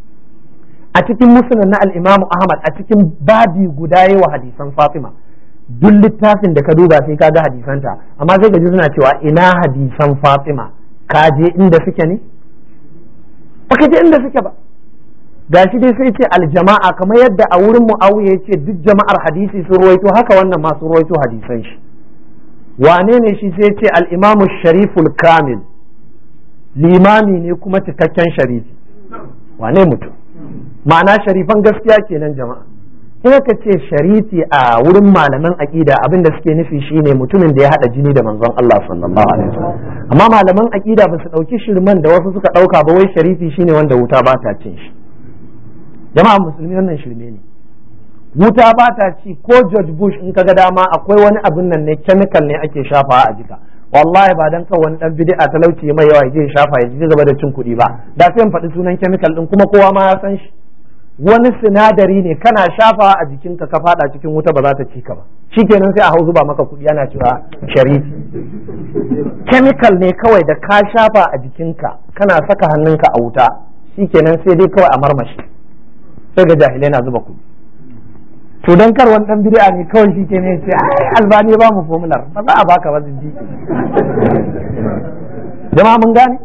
a cikin musnad na al-imamu ahmad a cikin babi guda yawa hadisan fatima duk littafin da ka duba sai ka ga hadisanta amma sai ka ji suna cewa ina hadisan fatima ka je inda suke ne baka je inda suke ba shi dai sai ce aljama'a kamar yadda a wurin muawiya ce duk jama'ar hadisi sun ruwaito haka wannan ma sun ruwaito hadisan shi wane ne shi sai ce al'imamu shariful kamil limami ne kuma cikakken sharifi wane mutum ma'ana sharifan gaskiya kenan jama'a sai ka ce sharifi a wurin malaman aƙida abin da suke nufi shine mutumin da ya haɗa jini da manzon Allah sallallahu alaihi wasallam amma malaman aƙida ba su dauki shirman da wasu suka ɗauka ba wai sharifi shine wanda wuta ba ta cin shi jama'a musulmi wannan shirme ne wuta ba ta ci ko George Bush in ka ga dama akwai wani abin nan ne chemical ne ake shafawa a jika wallahi ba dan kawai dan bid'a talauci mai yawa yaje shafa ya ji gaba da cin kuɗi ba da sai in faɗi sunan chemical din kuma kowa ma ya san shi wani sinadari ne kana shafa a jikinka ka fada cikin wuta ba za ta ci ka ba shikenan sai a hau zuba maka kuɗi ana cewa sharifi chemical ne kawai da ka shafa a jikinka kana saka hannunka a wuta shikenan sai dai kawai a marmashi sai ga jahilai na zuba kuɗi to dan kar wani dan bid'a ne kawai shi ke ne ce ai albani ba mu formular ba za a baka ba zin jiki jama'a mun gane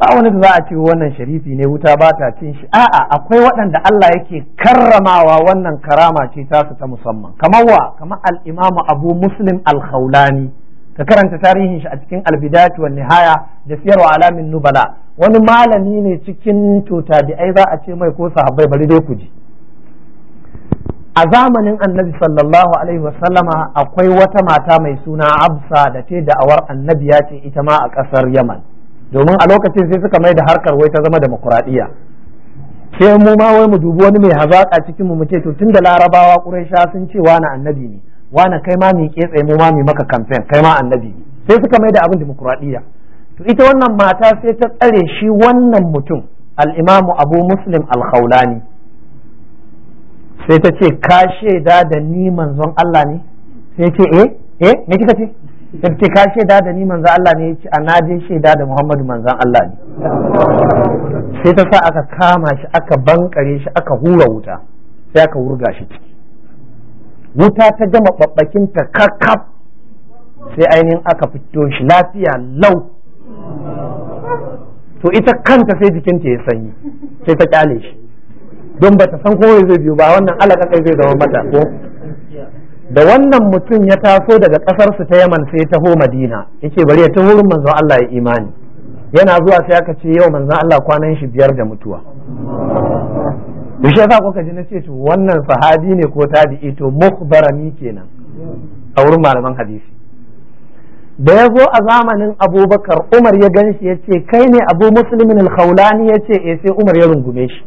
ba wani da za a ce wannan sharifi ne wuta ba ta cin shi a'a akwai waɗanda Allah yake karramawa wannan karama ce ta su ta musamman kamar wa kamar al Abu Muslim al-Khawlani ka karanta tarihin shi a cikin al wa Nihaya da siyarwa alamin nubala wani malami ne cikin tabi'ai za a ce mai ko sahabbai bari dai ku ji a zamanin annabi sallallahu alaihi wasallama akwai wata mata mai suna absa da ce da'awar annabi ya ce ita ma a ƙasar yaman domin a lokacin sai suka mai da harkar wai ta zama demokuraɗiyya sai mu ma wai mu dubi wani mai hazaƙa cikin mu mu ce to tun da larabawa ƙuraisha sun ce wani annabi ne wani kai ma mi ketse mu ma mi maka kamfen kai ma annabi ne sai suka mai da abin demokuraɗiyya to ita wannan mata sai ta tsare shi wannan mutum al'imamu abu muslim al sai ta ce ka shaida da ni manzon Allah ne sai ce eh eh me kika ce ta ce ka shaida da ni manzon Allah ne yace ana je shaida da Muhammadu manzon Allah ne sai ta sa aka kama shi aka bankare shi aka hura wuta sai aka wurga shi ciki wuta ta gama babbakin ta kakkaf sai ainihin aka fito shi lafiya lau to ita kanta sai jikinta ya sanyi sai ta kyale shi don ba ta san ko zai biyu ba wannan alaka kai zai zama mata ko da wannan mutum ya taso daga kasar su ta Yaman sai ya taho Madina yace bari ya taho wurin manzon Allah ya imani yana zuwa sai aka ce yau manzon Allah kwanan shi biyar da mutuwa da shi yasa kuka ji na ce wannan sahabi ne ko tabi'i to mukhbarani kenan a wurin malaman hadisi da ya zo a zamanin abubakar umar ya gan shi ya ce kai ne abu musulmin alkhaulani ya ce e sai umar ya rungume shi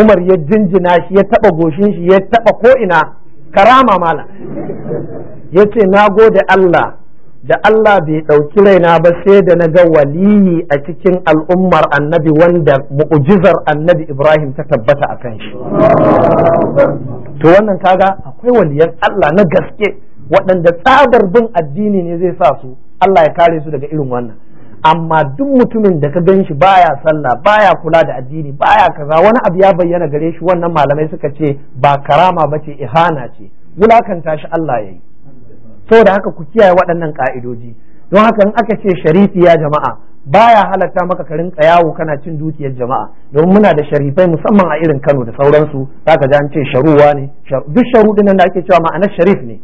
umar ya jinjina shi ya taba goshin shi ya taba ko'ina karama mala ya ce na gode allah da allah bai ɗauki raina ba sai da na ga waliyi a cikin al'ummar annabi wanda mu'ujizar annabi ibrahim ta tabbata a kan shi to wannan kaga akwai waliyan allah na gaske waɗanda tsabar bin addini ne zai sa su Allah ya kare su daga irin wannan amma duk mutumin da ka gan shi baya sallah baya kula da addini baya kaza wani abu ya bayyana gare shi wannan malamai suka ce ba karama ba ce ihana ce wulakanta shi Allah ya yi saboda haka ku kiyaye waɗannan ka'idoji don haka in aka ce sharifi ya jama'a baya halatta maka ka rinka yawo kana cin dukiyar jama'a don muna da sharifai musamman a irin Kano da sauransu zaka ji an ce sharuwa ne duk sharudin nan da ake cewa ma'anar sharif ne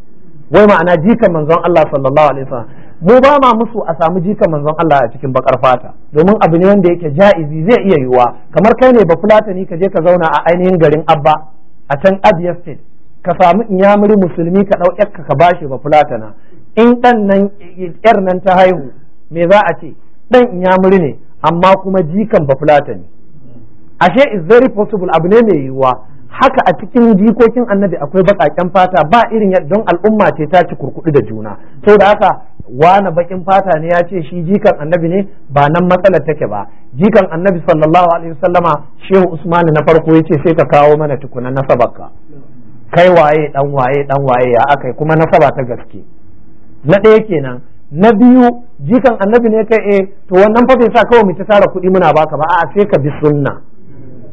wai ma'ana jikan manzon Allah sallallahu alaihi wasallam mu ba ma musu a samu jikan manzon Allah a cikin bakar fata domin abu ne wanda yake ja'izi zai iya yiwuwa kamar kai ne ba fulatani ka je ka zauna a ainihin garin Abba a can Abia State ka samu inyamuri musulmi ka dau yakka ka bashi ba fulatana in dan nan yar nan ta haihu me za a ce dan inyamuri ne amma kuma jikan ba fulatani ashe is very possible abu ne mai yiwuwa haka a cikin jikokin annabi akwai baƙaƙen fata ba irin don al'umma ce ta ci kurkudu da juna da haka wani bakin fata ne ya ce shi jikan annabi ne ba nan matsalar take ba jikan annabi sallallahu alaihi wasallama shehu usman na farko ya ce sai ka kawo mana tukuna ka. kai waye dan waye dan waye ya akai kuma nasaba ta gaske na ɗaya kenan na biyu jikan annabi ne kai eh to wannan fa bai sa kawai mu ta tara kuɗi muna baka ba a'a sai ka bi sunna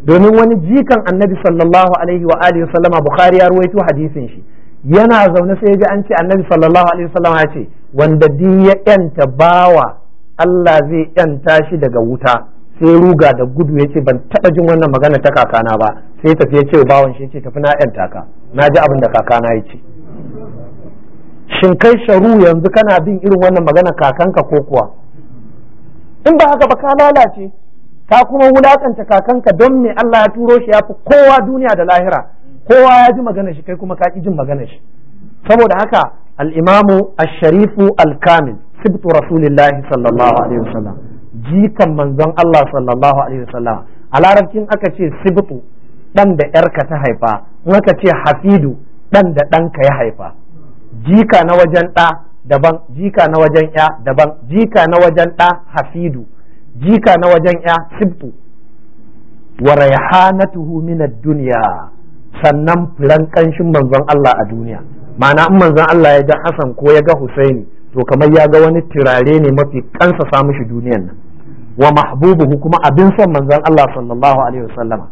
domin wani jikan annabi sallallahu alaihi wa alihi sallama bukhari ya ruwaito hadisin shi yana zaune sai ji an ce annabi sallallahu alaihi sallama ya ce wanda din ya yanta bawa Allah zai yanta shi daga wuta sai ruga da gudu ya ce ban taba jin wannan magana ta kakana ba sai tafi ya ce bawan shi ce tafi na yanta ka na ji abin da kakana ya ce shin kai sharu yanzu kana bin irin wannan magana kakanka ko kuwa in ba haka ba ka lalace ka kuma wulakanta kakanka don me Allah ya turo shi ya fi kowa duniya da lahira kowa ya ji magana shi kai kuma ka ki jin magana shi saboda haka al-imamu ash-sharifu al-kamil sibtu rasulillahi sallallahu alaihi wasallam jikan manzon Allah sallallahu alaihi wasallam a larabcin aka ce sibtu dan da yarka ta haifa in aka ce hafidu dan da ɗanka ya haifa jika na wajen ɗa daban jika na wajen ya daban jika na wajen da hafidu jika na wajen ya sibu wa rayhanatuhu min ad-dunya sannan furan kanshin manzon Allah a duniya ma'ana in manzon Allah ya ga Hassan ko ya ga Husaini to kamar ya ga wani turare ne mafi kansa sa mishi duniyan nan wa mahbubuhu kuma abin son manzon Allah sallallahu alaihi wasallama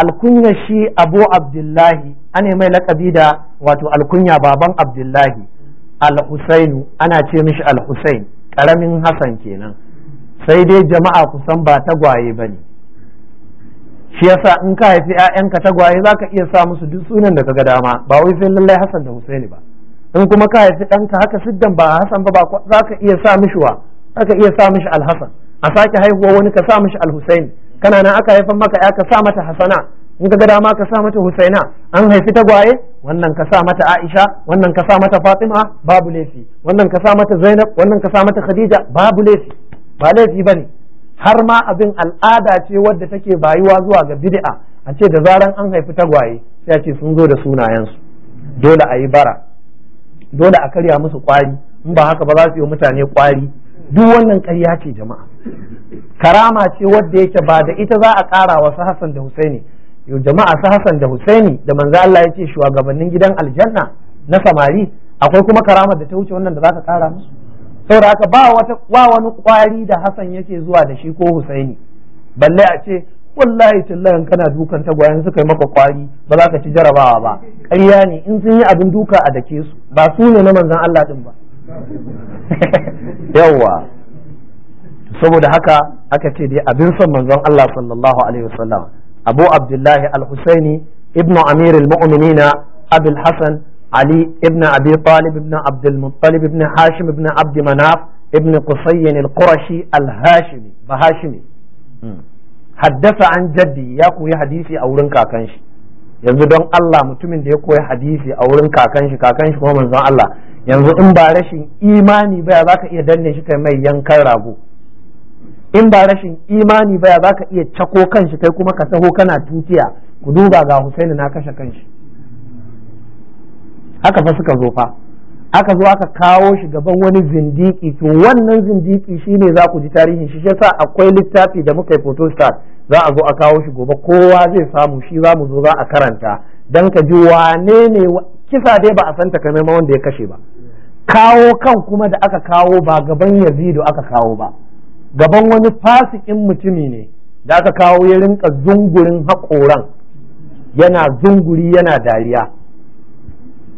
alkunya shi Abu Abdullahi ane mai lakabi da wato alkunya baban Abdullahi al-Husainu ana ce mishi al-Husain karamin Hassan kenan sai dai jama'a kusan ba tagwaye ba ne shi yasa in ka haifi 'ya'yanka tagwaye za ka iya sa musu duk sunan da ga dama ba wai sai lallai hassan da husaini ba in kuma ka haifi ɗanka haka siddan ba hassan ba za ka iya sa mishi wa za ka iya sa mishi alhassan a sake haihuwa wani ka sa mishi alhusaini kana nan aka haifan maka ya ka sa mata hasana in ka ga dama ka sa mata husaina an haifi tagwaye wannan ka sa mata aisha wannan ka sa mata fatima babu laifi wannan ka sa mata zainab wannan ka sa mata khadija babu laifi ba laifi ba ne har ma abin al'ada ce wadda take bayuwa zuwa ga bid'a a ce da zaran an haifi tagwaye sai a ce sun zo da sunayensu dole a yi bara dole a karya musu kwari in ba haka ba za su yi mutane kwari duk wannan karya ce jama'a karama ce wadda yake ba da ita za a ƙara wa su Hassan da Husaini yau jama'a su Hassan da Husaini da manzo Allah ya ce shugabannin gidan aljanna na samari akwai kuma karamar da ta wuce wannan da za ka ƙara musu saboda haka ba wata ba wani kwari da Hassan yake zuwa da shi ko Husaini balle a ce wallahi tallahi kana dukan tagwayen suka yi maka kwari ba za ka ci jarabawa ba ƙarya ne in sun yi abin duka a dake su ba su ne na manzon Allah din ba yawa saboda haka aka ce dai abin son manzon Allah sallallahu alaihi wasallam Abu Abdullahi Al-Husaini ibnu Amir al Hassan. Abul Hasan علي ابن أبي طالب ابن عبد المطلب ابن هاشم ابن عبد مناف ابن قصي القرشي الهاشمي بهاشمي haddasa an jaddi ya koyi hadisi a wurin kakan yanzu don Allah mutumin da ya koyi hadisi a wurin kakanshi, kakanshi kakan shi kuma manzon Allah yanzu in ba rashin imani baya ka iya danne shi kai mai yankan rago in ba rashin imani baya ka iya cako kanshi kai kuma ka taho kana tutiya ku duba ga Husaini na kashe kanshi. haka fa suka zo fa aka zo aka kawo shi gaban wani zindiki to wannan zindiki shine za ku ji tarihin shi yasa akwai littafi da muka yi photostat za a zo a kawo shi gobe kowa zai samu shi za mu zo za a karanta dan ka ji wane ne kisa dai ba a san ma wanda ya kashe ba kawo kan kuma da aka kawo ba gaban yazidu aka kawo ba gaban wani fasikin mutumi ne da aka kawo ya rinka zungurin haƙoran yana zunguri yana dariya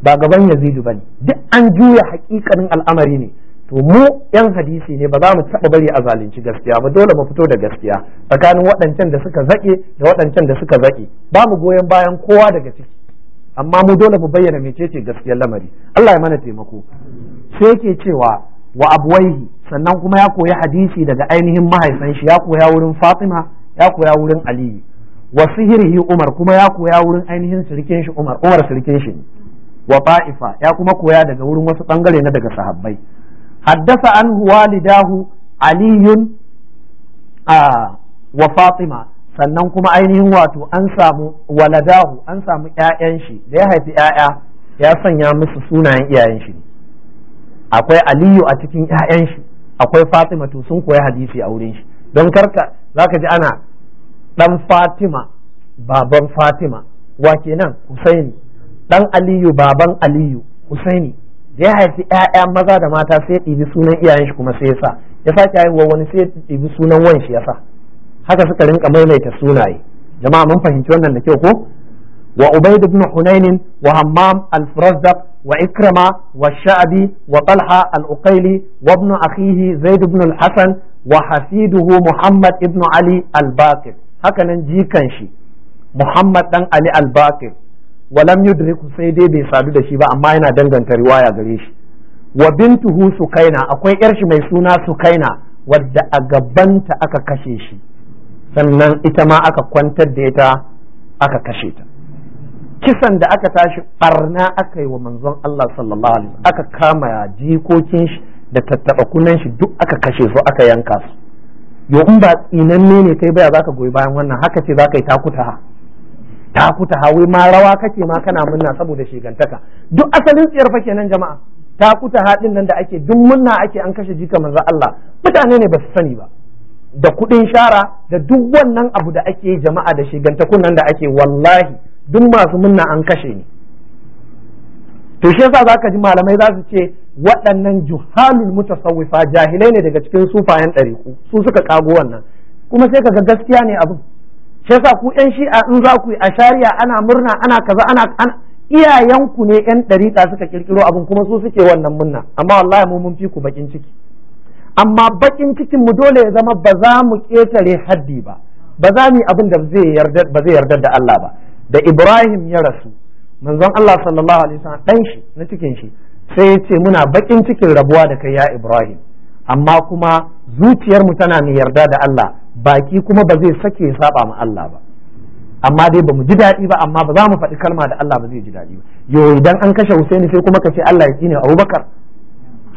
ba gaban yazidu bane duk an juya hakikanin al'amari ne to mu yan hadisi ne ba za mu taɓa bari a zalunci gaskiya ba dole mu fito da gaskiya tsakanin waɗancan da suka zaƙe da waɗancan da suka zaƙe ba mu goyon bayan kowa daga ciki amma mu dole mu bayyana mecece gaskiyar lamari Allah ya mana taimako sai yake cewa wa abuwaihi sannan kuma ya koyi hadisi daga ainihin mahaifan shi ya koya wurin Fatima ya koya wurin Aliyu wa sihirihi Umar kuma ya koya wurin ainihin sirkin shi Umar Umar sirkin shi ne wa ta'ifa ya kuma koya daga wurin wasu bangare na daga sahabbai haddasa an walidahu aliyun a wa fatima sannan kuma ainihin wato an samu waladahu an samu ƴaƴan shi da ya haifi ƴaƴa ya sanya musu sunayen iyayen shi akwai aliyu a cikin ƴaƴan shi akwai fatima to sun koyi hadisi a wurin shi don karka zaka ji ana dan fatima baban fatima wa kenan husaini dan aliyu baban aliyu husaini da ya haifi 'yaya maza da mata sai ya ɗibi sunan iyayen shi kuma sai ya sa ya sake haihuwa wani sai ya ɗibi sunan wan shi ya sa haka suka rinka maimaita sunaye jama'a mun fahimci wannan da kyau ko wa ubaid ibn hunain wa hammam al wa ikrama wa sha'bi wa talha al-uqaili wa ibn akhihi zaid ibn al-hasan wa hasiduhu muhammad ibn ali al-baqir haka nan jikan shi muhammad dan ali al-baqir walam yudriku sai dai bai sadu da shi ba amma yana danganta riwaya gare shi wa bintuhu sukaina akwai yar shi mai suna sukaina wadda a gabanta aka kashe shi sannan ita ma aka kwantar da ita aka kashe ta kisan da aka tashi barna aka yi wa manzon Allah sallallahu alaihi aka kama jikokin shi da tattaba kunan shi duk aka kashe su aka yanka su yo in ba tsinanne ne kai baya zaka goyi bayan wannan haka ce zaka yi takuta ta kuta hawi ma rawa kake ma kana munna saboda shigantaka duk asalin tsiyar fa kenan jama'a ta kuta haɗin nan da ake duk munna ake an kashe jika manzo Allah mutane ne ba su sani ba da kuɗin shara da duk wannan abu da ake jama'a da shigantakun nan da ake wallahi duk masu munna an kashe ni to shi yasa zaka ji malamai za su ce waɗannan juhalul mutasawwifa jahilai ne daga cikin sufayen ɗariku su suka kago wannan kuma sai kaga gaskiya ne abin shi yasa ku yan shi'a in za ku yi a shari'a ana murna ana kaza ana iyayenku ne yan ɗariƙa suka kirkiro abin kuma su suke wannan murna amma wallahi mu mun fi ku bakin ciki amma baƙin cikin mu dole ya zama ba za mu ƙetare haddi ba ba za mu yi abin da ba zai yarda da Allah ba da Ibrahim ya rasu manzon Allah sallallahu alaihi wasallam dan shi na cikin shi sai ya ce muna bakin cikin rabuwa da kai ya Ibrahim amma kuma zuciyarmu tana mai yarda da Allah baki kuma ba zai sake saba ma Allah ba amma dai ba mu ji daɗi ba amma ba za mu faɗi kalma da Allah ba zai ji daɗi ba yo idan an kashe Husaini sai kuma kace ce Allah ya tsine Abubakar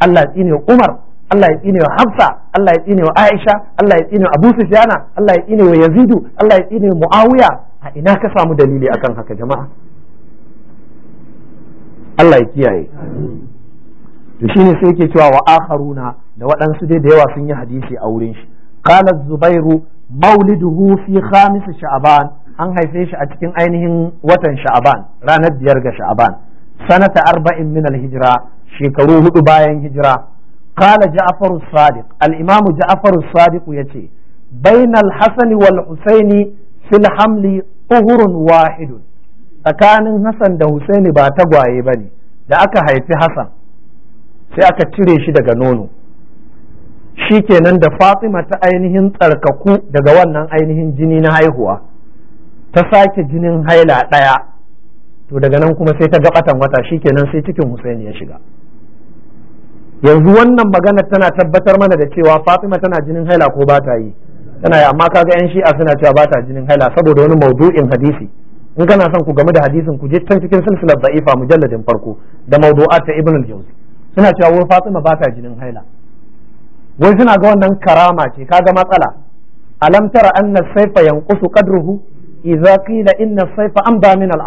Allah ya tsine Umar Allah ya tsine wa Hafsa Allah ya tsine wa Aisha Allah ya tsine wa Abu Sufyan Allah ya tsine wa Yazidu Allah ya tsine wa Muawiya a ina ka samu dalili akan haka jama'a Allah ya kiyaye to shine sai yake cewa wa akharuna da waɗansu dai da yawa sun yi hadisi a wurin shi qala zubairu mauliduhu fi khamisu sha'aban an haife shi a cikin ainihin watan sha'aban ranar biyar ga sha'aban sanata arba'in min al shekaru hudu bayan hijira qala ja'far as-sadiq al-imam ja'far as ya ce bainal hasani wal husaini fil hamli uhurun tsakanin Hassan da hussaini ba tagwaye ba ne da aka haifi Hassan sai aka cire shi daga nono shi kenan da fatima ta ainihin tsarkaku daga wannan ainihin jini na haihuwa ta sake jinin haila ɗaya to daga nan kuma sai ta gabatan wata shi kenan sai cikin Hussein ya shiga yanzu wannan magana tana tabbatar mana da cewa fatima tana jinin haila ko ba ta yi tana yi amma kaga yan shi'a suna cewa ba ta jinin haila saboda wani maudu'in hadisi in kana son ku game da hadisin ku je can cikin silsilar da'ifa mujalladin farko da maudu'at ta ibn al-jawzi suna cewa wai fatima ba ta jinin haila wai suna ga wannan karama ce kaga matsala alam tara anna saifa yanqusu qadruhu idza qila inna saifa amba min al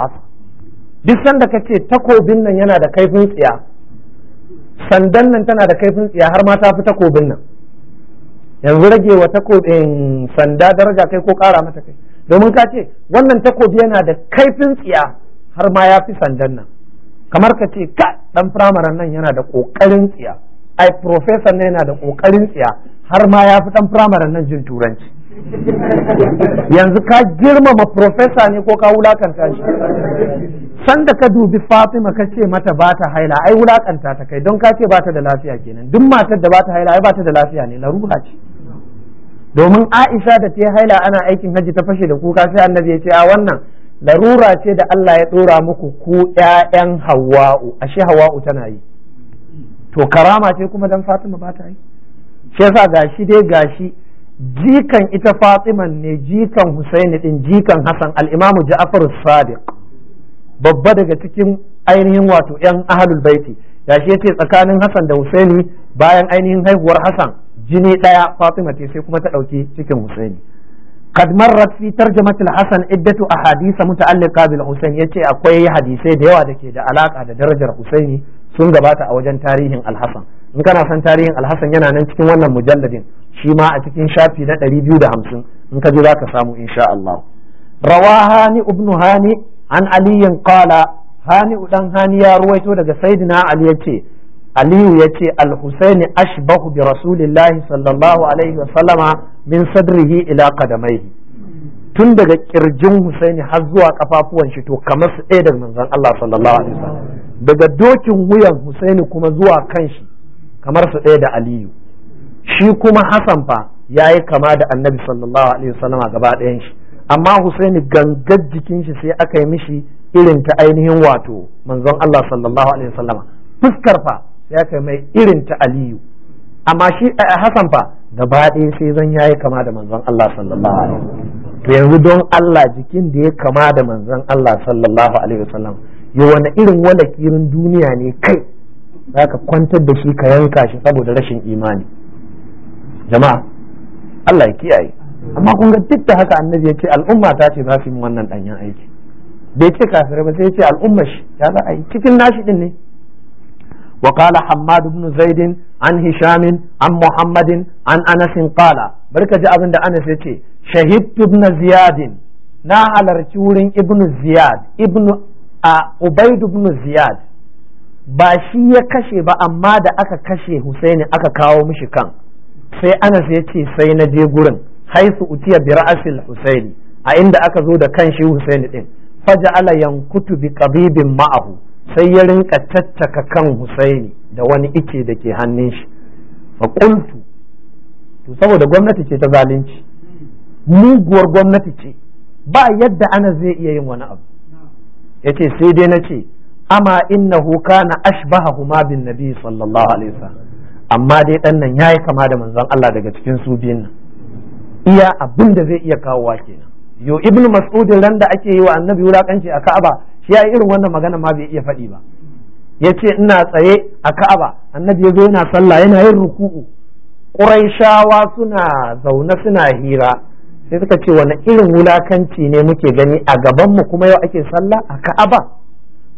duk sanda kace takobin nan yana da kaifin tsiya sandan nan tana da kaifin tsiya har ma ta fi takobin nan yanzu rage wa takobin sanda daraja kai ko kara mata kai domin ka ce wannan takobi yana da kaifin tsiya har ma ya fi sandan nan kamar ka ce ka dan firamaren nan yana da kokarin tsiya ai professor ne yana da kokarin tsiya har ma ya fi dan firamare nan jin turanci yanzu ka girmama professor ne ko ka wulakanta shi sanda ka dubi Fatima ka ce mata ba ta haila ai wulakanta ta kai don ka ce ba ta da lafiya kenan duk matar da ba ta haila ai ba ta da lafiya ne larura ce domin Aisha da ta haila ana aikin haji ta fashe da kuka sai annabi ya ce a wannan larura ce da Allah ya dora muku ku ƴaƴan Hawwa'u ashe Hawwa'u tana yi to karama ce kuma dan fatima ba ta yi shi yasa gashi dai gashi jikan ita Fatima ne jikan husaini din jikan hasan al-imamu ja'far sadiq babba daga cikin ainihin wato yan ahlul baiti gashi yace tsakanin Hassan da husaini bayan ainihin haihuwar Hassan jini daya fatima ce sai kuma ta dauki cikin husaini قد مرت في ترجمة الحسن عدة أحاديث متعلقة بالحسين يتي da حديثي ديوا دكي da alaka da darajar Husaini. sun gabata a wajen tarihin alhassan in kana son tarihin alhassan yana nan cikin wannan mujalladin shi ma a cikin shafi na ɗari biyu da hamsin in ka ji za ka samu insha Allah rawa hani ibn hani an Kala. qala hani dan hani ya ruwaito daga sayyidina ali yace aliyu yace al-husaini ashbahu bi rasulillahi sallallahu alaihi wa sallama min sadrihi ila qadamaihi tun daga kirjin husaini har zuwa kafafuwan shi to kamar su ɗaya daga manzon Allah sallallahu alaihi wa sallam daga dokin wuyan Husaini kuma zuwa kan shi kamar su ɗaya da Aliyu shi kuma Hassan fa ya yi kama da annabi sallallahu alaihi wasallama gaba ɗayan shi amma Husaini gangar jikin shi sai aka yi mishi irin ta ainihin wato manzon Allah sallallahu alaihi wasallama fuskar fa sai aka yi mai irin ta Aliyu amma shi eh, Hassan fa gaba ɗaya sai zan yayi kama da manzon Allah sallallahu alaihi wasallam to yanzu don Allah jikin da ya kama da manzon Allah sallallahu alaihi wasallam ya wani irin kirin duniya ne kai za ka kwantar da shi ka yanka shi saboda rashin imani jama'a Allah ya kiyaye amma kun ga duk da haka annabi ya ce al'umma ta ce za su yi wannan danyen aiki bai ce kafirai ba sai ya ce al'umma shi ya za a yi cikin nashi din ne وقال حماد بن زيد an هشام an محمد Qala, انس ji abin da anas ya ce. Shahid ibn Ziyadin na halarci wurin Ibn ziyad Ibn. a Ubaidu bin Ziyad ba shi ya kashe ba amma da aka kashe Husaini aka kawo mishi kan sai Anas ya ce sai na je gurin haisu utiya bi ra'sil Husaini a inda aka zo da kan shi Husaini din faja'ala yankutu bi qabibin ma'ahu sai ya rinka tattaka kan Husaini da wani ike da ke hannun shi fa qultu to saboda gwamnati ce ta zalunci muguwar gwamnati ce ba yadda Ana zai iya yin wani abu yace sai dai nace amma innahu kana ashbahahuma bin nabi sallallahu alaihi wasallam amma dai dan nan yi kama da manzon Allah daga cikin su biyun nan iya abin da zai iya wa kenan yo ibnu mas'udin ran da ake yi wa annabi wulakanci a Ka'aba shi ya irin wannan magana ma bai iya faɗi ba yace ina tsaye a Ka'aba annabi yazo yana sallah yana yin ruku'u Qurayshawa suna zaune suna hira sai suka ce wani irin wulakanci ne muke gani a gabanmu kuma yau ake sallah a ka'aba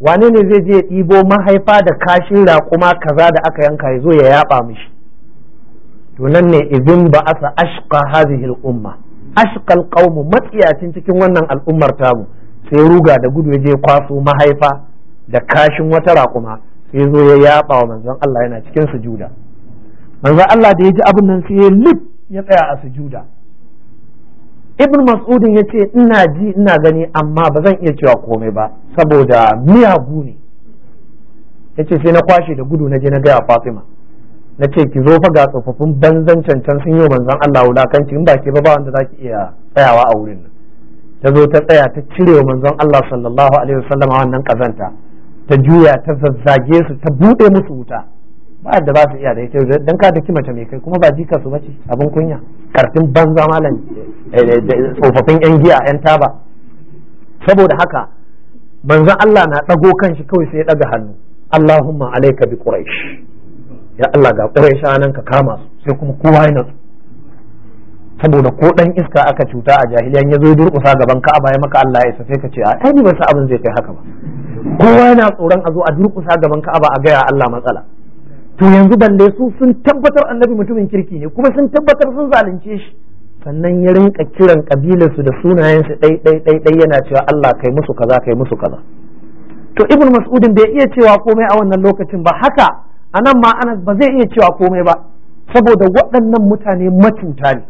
wane ne zai je ɗibo mahaifa da kashin raƙuma kaza da aka yanka ya zo ya yaɓa mishi to nan ne idin ba asa ashqa hadhihi al-umma al qaumu matsiyacin cikin wannan al'ummar tamu sai ruga da gudu ya je kwaso mahaifa da kashin wata raƙuma sai zo ya yaɓa wa manzon Allah yana cikin sujuda manzon Allah da ya ji abin nan sai ya lib ya tsaya a sujuda ibn mas'udin ya ce ina ji ina gani amma ba zan iya cewa komai ba saboda miyagu ne ya ce sai na kwashe da gudu na je na gaya fatima na ce ki zo fa ga tsofaffin banzan cancan sun yi manzan Allah wulakanci in ba ke ba ba wanda za ki iya tsayawa a wurin ta zo ta tsaya ta cire wa manzan Allah sallallahu alaihi wasallam wannan kazanta ta juya ta zazzage su ta buɗe musu wuta ba da ba su iya da ita dan ka daki mace mai kai kuma ba jika su bace abin kunya karfin banza malam eh, eh, tsofaffin yan giya yan taba saboda haka manzon Allah na dago kanshi kawai sai ya daga hannu Allahumma alayka bi quraish ya Allah ga quraish anan ka kama su sai kuma kowa ya su. saboda ko dan iska aka cuta a jahiliyan ya zo durƙusa gaban Ka'aba ya maka Allah ya isa sai ka ce a ni ba sa abin zai kai haka ba kowa yana tsoron a zo a durƙusa gaban Ka'aba a gaya Allah matsala to yanzu balle su sun tabbatar annabi mutumin kirki ne kuma sun tabbatar sun zalunce shi sannan ya rinka kiran kabilarsu da sunayensu dai dai dai dai yana cewa Allah kai musu kaza kai musu kaza to ibn mas'udin bai iya cewa komai a wannan lokacin ba haka anan ma anas ba zai iya cewa komai ba saboda waɗannan mutane matuta ne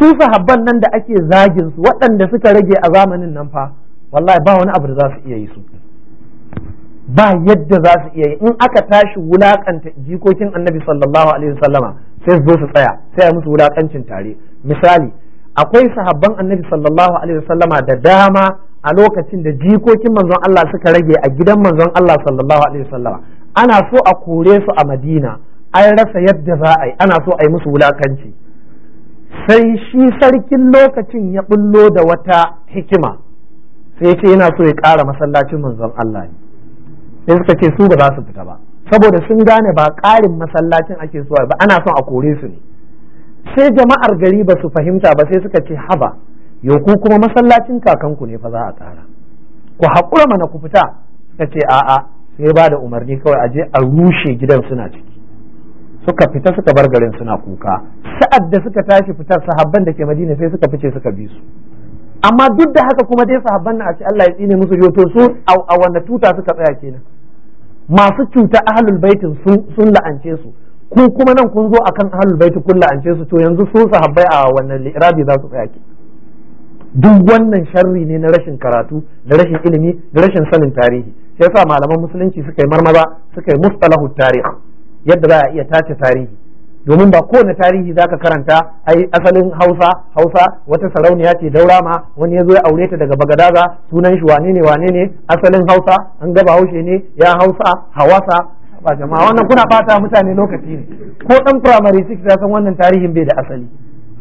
su sahabban nan da ake zagin su waɗanda suka rage a zamanin nan fa wallahi ba wani abu da za su iya yi su ba yadda za su iya yi in aka tashi wulakanta jikokin annabi sallallahu alaihi wasallama sai su zo su tsaya sai a musu wulakancin tare misali akwai sahabban annabi sallallahu alaihi wasallama da dama a lokacin da jikokin manzon Allah suka rage a gidan manzon Allah sallallahu alaihi wasallama ana so a kore su a Madina an rasa yadda za a yi ana so a yi musu wulakanci sai shi sarkin lokacin ya bullo da wata hikima sai ce yana so ya ƙara masallacin manzon Allah ne sai suka ce su ba za su fita ba saboda sun gane ba ƙarin masallacin ake so ba ana son a kore su ne sai jama'ar gari ba su fahimta ba sai suka ce haba yau ku kuma masallacin kakanku ne fa za a tsara ku haƙura mana ku fita suka ce a'a sai ba da umarni kawai a je a rushe gidan suna ciki suka fita suka bar garin suna kuka sa'ad da suka tashi fitar sahabban da ke madina sai suka fice suka bi su amma duk da haka kuma dai sahabban na a ce Allah ya tsine musu to su a wanda tuta suka tsaya kenan masu cuta ahlul baitin sun la'ance su ku kuma nan kun zo akan ahlul baiti kun la'ance su to yanzu su sahabbai a wannan irabi za su tsaya ke duk wannan sharri ne na rashin karatu da rashin ilimi da rashin sanin tarihi sai yasa malaman musulunci suka yi marmaza suka yi mustalahu tarihi yadda za a iya tace tarihi domin ba kowane tarihi za ka karanta ai asalin Hausa Hausa wata sarauniya ce daurama wani ya zo ya aure ta daga Bagadaza sunan shi wane ne wane ne asalin Hausa an gaba haushe ne ya Hausa Hawasa ba jama'a wannan kuna bata mutane lokaci ne ko dan firamare 6 ya san wannan tarihin bai da asali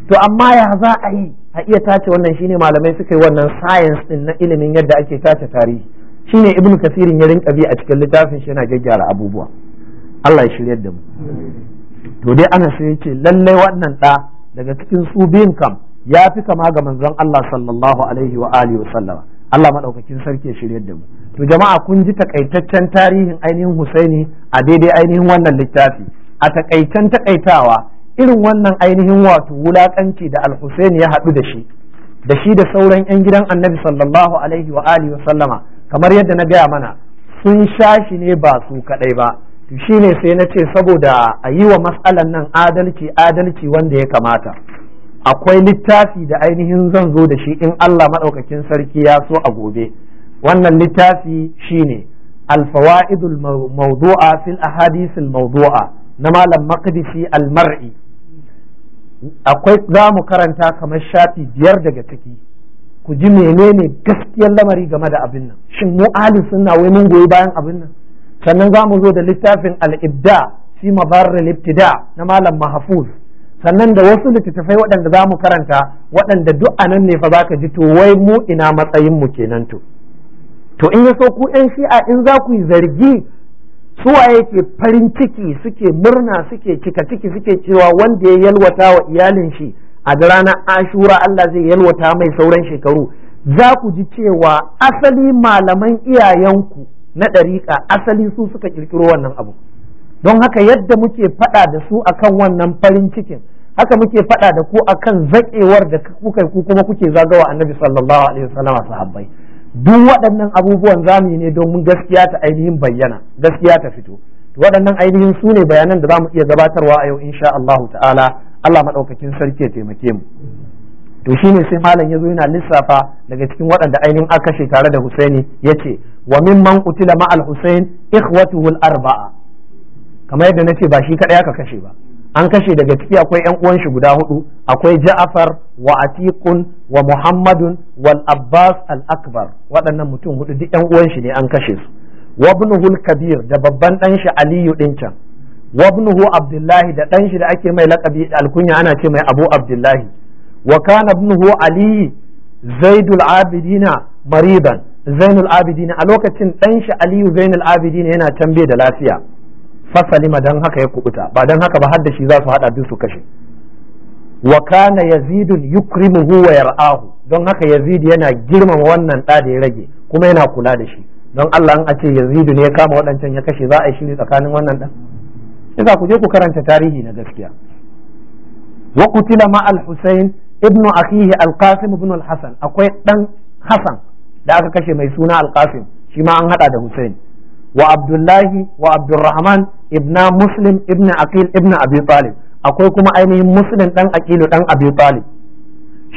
to amma ya za a yi a iya tace wannan shine malamai suka yi wannan science din na ilimin yadda ake tace tarihi shine ibnu kasirin ya rinka bi a cikin littafin shi yana gyaggyara abubuwa Allah ya shiryar da mu to dai ana sai yace lallai wannan ɗa daga cikin su biyun kam ya fi kama ga manzon Allah sallallahu alaihi wa alihi wa sallama Allah madaukakin sarki ya shirye da mu to jama'a kun ji takaitaccen tarihin ainihin Husaini a daidai ainihin wannan littafi a takaicen takaitawa irin wannan ainihin wato wulakanci da Al-Husaini ya haɗu da shi da shi da sauran 'yan gidan annabi sallallahu alaihi wa alihi sallama kamar yadda na gaya mana sun sha shi ne ba su kadai ba shi ne sai na ce saboda a yi wa matsalan nan adalci adalci wanda ya kamata akwai littafi da ainihin zan zo da shi in Allah maɗaukakin sarki ya so a gobe wannan littafi shine alfawa'idul mawdu'a fil ahadisil mawdu'a na malam maqdisi Almar’i. akwai za mu karanta kamar shafi biyar daga ciki ku ji menene gaskiyar lamari game da abin nan shin mu ahli sunna wai mun goyi bayan abin nan sannan za mu zo da littafin al’ibda shi fi mabarar al na malam mahfuz sannan da wasu littattafai waɗanda za mu karanta waɗanda duk a nan ne fa za ka ji to wai mu ina matsayin mu kenan to to in ya so ku ɗan shi'a in za ku yi zargi suwaye ke farin ciki suke murna suke cika ciki suke cewa wanda ya yalwata wa iyalin shi a da ranar ashura Allah zai yalwata mai sauran shekaru za ku ji cewa asali malaman iyayenku na ɗariƙa asali su suka ƙirƙiro wannan abu don haka yadda muke faɗa da su akan wannan farin cikin haka muke faɗa da ku akan zaƙewar da kuka ku kuma kuke zagawa annabi sallallahu alaihi wasallam sahabbai duk waɗannan abubuwan zamu ne domin gaskiya ta ainihin bayyana gaskiya ta fito waɗannan ainihin su ne bayanan da zamu iya gabatarwa a yau insha allahu ta'ala Allah madaukakin sarki ya taimake mu to shine sai malam yazo yana lissafa daga cikin waɗanda ainihin aka kashe tare da Husaini yace wa mimman qutila ma al-Husain ikhwatuhu al-arba'a kamar yadda nace ba shi kadai aka kashe ba an kashe daga ciki akwai yan uwan shi guda hudu akwai Ja'far wa Atiqun wa Muhammadun wal Abbas al-Akbar waɗannan mutum hudu duk yan uwan shi ne an kashe su wa ibnuhu al-Kabir da babban dan shi Aliyu din can wa ibnuhu Abdullahi da dan shi da ake mai laqabi al-kunya ana ce mai Abu Abdullahi wa kana ibnuhu ali zaidul abidina Mariban zainul abidina a lokacin dan shi aliyu zainul abidina yana tambaye da lafiya fasalima dan haka ya kubuta ba dan haka ba har da shi za su hada duk su kashe wa kana yazidun yukrimuhu wa yar'ahu don haka yazid yana girmama wannan da da ya rage kuma yana kula da shi don Allah an a ce yazidu ne ya kama waɗancan ya kashe za a yi shiri tsakanin wannan ɗan yasa ku je ku karanta tarihi na gaskiya wa qutila ma al-husayn ibnu akhihi al-qasim ibn al-hasan akwai dan hasan da aka kashe mai suna al-qasim shi ma an hada da Hussein. wa abdullahi wa abdurrahman ibn muslim ibn aqil ibn abi talib akwai kuma ainihin muslim dan Akilu dan abi talib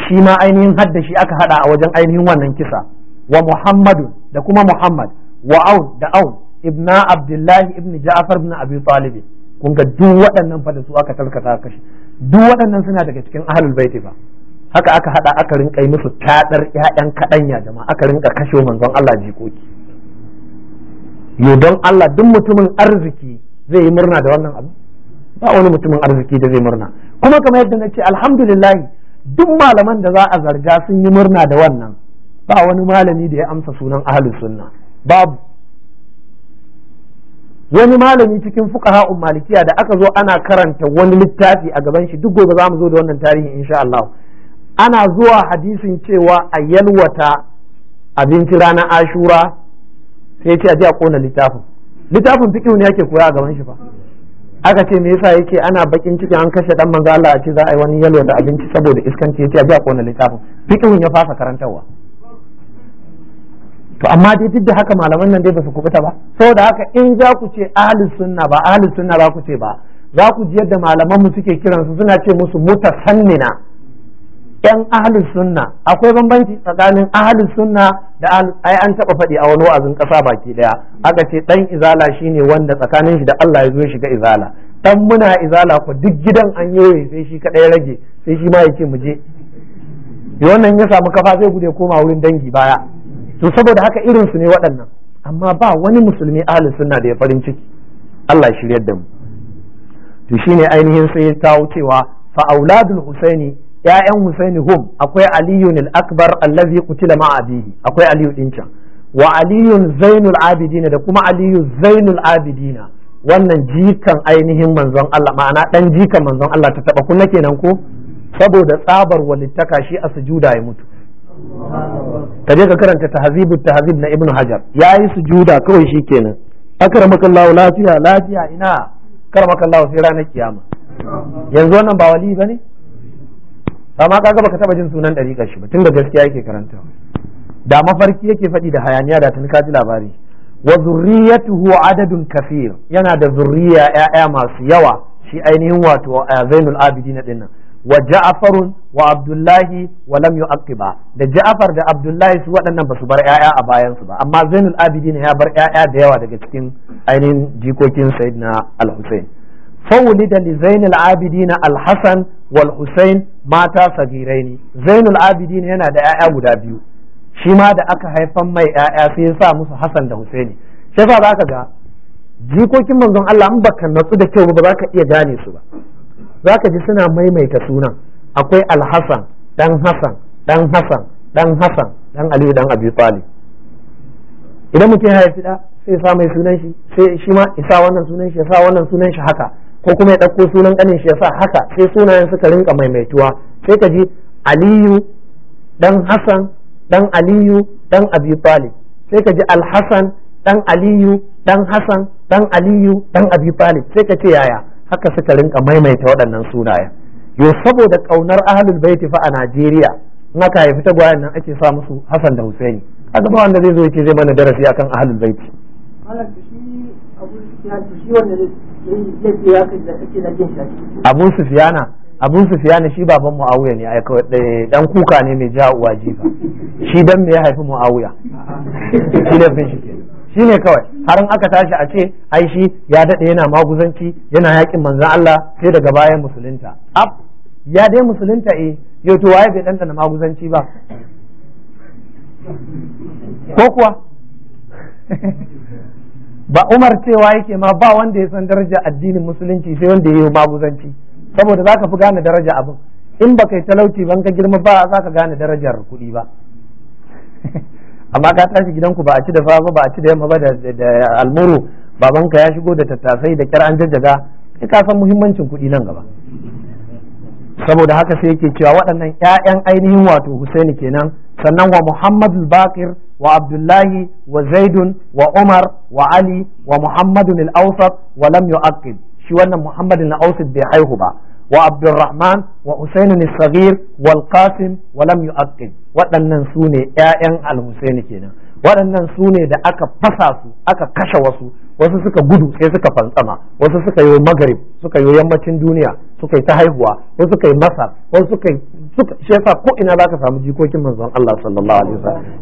shi ma ainihin hadda shi aka hada a wajen ainihin wannan kisa wa muhammadu da kuma muhammad wa aun da aun ibn abdullahi ibn ja'far ibn abi talib kun ga duk waɗannan fa da su aka talkata kashi duk waɗannan suna daga cikin ahlul baiti fa haka aka hada aka rinka yi musu tadar ƴaƴan kaɗanya jama'a aka rinka kashe manzon Allah jikoki yo don Allah duk mutumin arziki zai yi murna da wannan abu ba wani mutumin arziki da zai murna kuma kamar yadda na ce alhamdulillah duk malaman da za a zarga sun yi murna da wannan ba wani malami da ya amsa sunan ahlus sunna babu wani malami cikin fuqaha malikiya da aka zo ana karanta wani littafi a gaban shi duk gobe za mu zo da wannan tarihi insha Allah ana zuwa hadisin cewa a yalwata abinci ranar ashura sai ce a ji a kona littafin littafin fiqh ne yake koya a gaban shi fa aka ce me yasa yake ana bakin ciki an kashe dan manzo Allah a ce za a yi wani yalwa da abinci saboda iskanci yace a ji a kona littafin fiqh ya fasa karantarwa to amma dai duk da haka malaman nan dai ba su kubuta ba saboda haka in za ku ce ahlus sunna ba ahlus sunna za ku ce ba za ku ji yadda malaman mu suke kiransu suna ce musu mutasannina yan ahalin sunna akwai bambanci tsakanin ahalin sunna da ai an taba faɗi a wani wa'azin ƙasa baki ɗaya aka ce ɗan izala shine wanda tsakanin shi da Allah ya zo shiga izala ɗan muna izala ko duk gidan an yoye sai shi kaɗai rage sai shi ma yake mu je wannan ya samu kafa zai gude koma wurin dangi baya to saboda haka irin su ne waɗannan amma ba wani musulmi ahalin sunna da ya farin ciki Allah shiryar da mu to shine ainihin sai ya tawo cewa fa auladul husaini ya'yan Husaini hum akwai Aliyun al-Akbar allazi qutila ma abihi akwai Aliyu din can wa Aliyun Zainul Abidina da kuma Aliyu Zainul Abidina wannan jikan ainihin manzon Allah ma'ana dan jikan manzon Allah ta taba kunna kenan ko saboda tsabar walittaka shi a sujuda ya mutu kaje ka karanta tahzibut tahzib na Ibnu Hajar yayi sujuda kawai shikenan akramakallahu lafiya lafiya ina akramakallahu sai ranar kiyama yanzu wannan ba wali bane amma kaga baka taba jin sunan dariƙar shi ba tunda gaskiya yake karanta da mafarki yake faɗi da hayaniya da tun kaji labari wa zurriyatuhu adadun kafir yana da zurriya ƴaƴa masu yawa shi ainihin wato Zainul Abidin din nan wa Ja'farun wa Abdullahi wa lam yu'aqiba da Ja'far da Abdullahi su waɗannan ba su bar ƴaƴa a bayan su ba amma Zainul Abidin ya bar ƴaƴa da yawa daga cikin ainihin jikokin Sayyidina al husayn فولد لزين العابدين الحسن والحسين ماتا صغيرين زين العابدين هنا da ƴaƴa guda biyu shima da aka haifan mai ƴaƴa sai yasa sa musu Hassan da Husaini sai yasa zaka ga jikokin manzon Allah in baka natsu da kyau ba za ka iya gane su ba zaka ji suna maimaita sunan akwai Al-Hasan dan Hassan dan Hassan dan Hassan dan Aliyu dan Abi Talib idan mutum ya haifi da sai ya sa mai sunan shi sai shi ma isa wannan sunan shi ya sa wannan sunan shi haka ko kuma ya ɗauko sunan ƙanin shi ya sa haka sai sunayen suka rinka maimaituwa sai ka ji aliyu dan hassan dan aliyu dan abi talib sai ka ji alhassan dan aliyu dan hassan dan aliyu dan abi talib sai ka ce yaya haka suka rinka maimaita waɗannan sunayen yo saboda ƙaunar ahlul baiti fa a najeriya in aka haifi gwayan nan ake sa musu hassan da husaini a gaba wanda zai zo ya zai mana darasi akan ahlul baiti malam shi abu shi wanda zai abu sufiyana su sufiyana shi baban muawiya ne eh, dan kuka ne mai ja uwa jifa shi dan me ya haifi muawiya shi ne fin shi shi ne kawai har in aka tashi a ce ai shi ya dade yana maguzanci yana yakin manzon Allah sai daga bayan musulunta ab ya dai musulunta eh yau to waye bai dan maguzanci ba ko kuwa ba Umar cewa yake ma ba wanda ya san daraja addinin musulunci sai wanda ya yi maguzanci saboda za ka fi gane daraja abin in ba kai talauci ban ka girma ba za ka gane darajar kuɗi ba amma ka tashi gidanku ba a ci da fafa ba a ci da yamma ba da almuru babanka ya shigo da tattasai da kyar an jajjaga kai ka san muhimmancin kuɗi nan gaba saboda haka sai yake cewa waɗannan 'ya'yan ainihin wato Husaini kenan sannan wa Muhammadu Bakir وعبد الله وزيد وعمر وعلي ومحمد الأوسط ولم يعقب shi wannan Muhammad al-Ausid bai haihu ba wa Abdulrahman wa Husain al-Saghir wal Qasim wa lam yu'aqqib waɗannan sune ne ƴaƴan al kenan waɗannan sune da aka fasa su aka kashe wasu wasu suka gudu sai suka fantsama wasu suka yi magrib suka yi yammacin duniya suka yi ta haihuwa wasu suka yi masar wasu suka yi shi yasa ko ina zaka samu jikokin manzon Allah sallallahu alaihi wasallam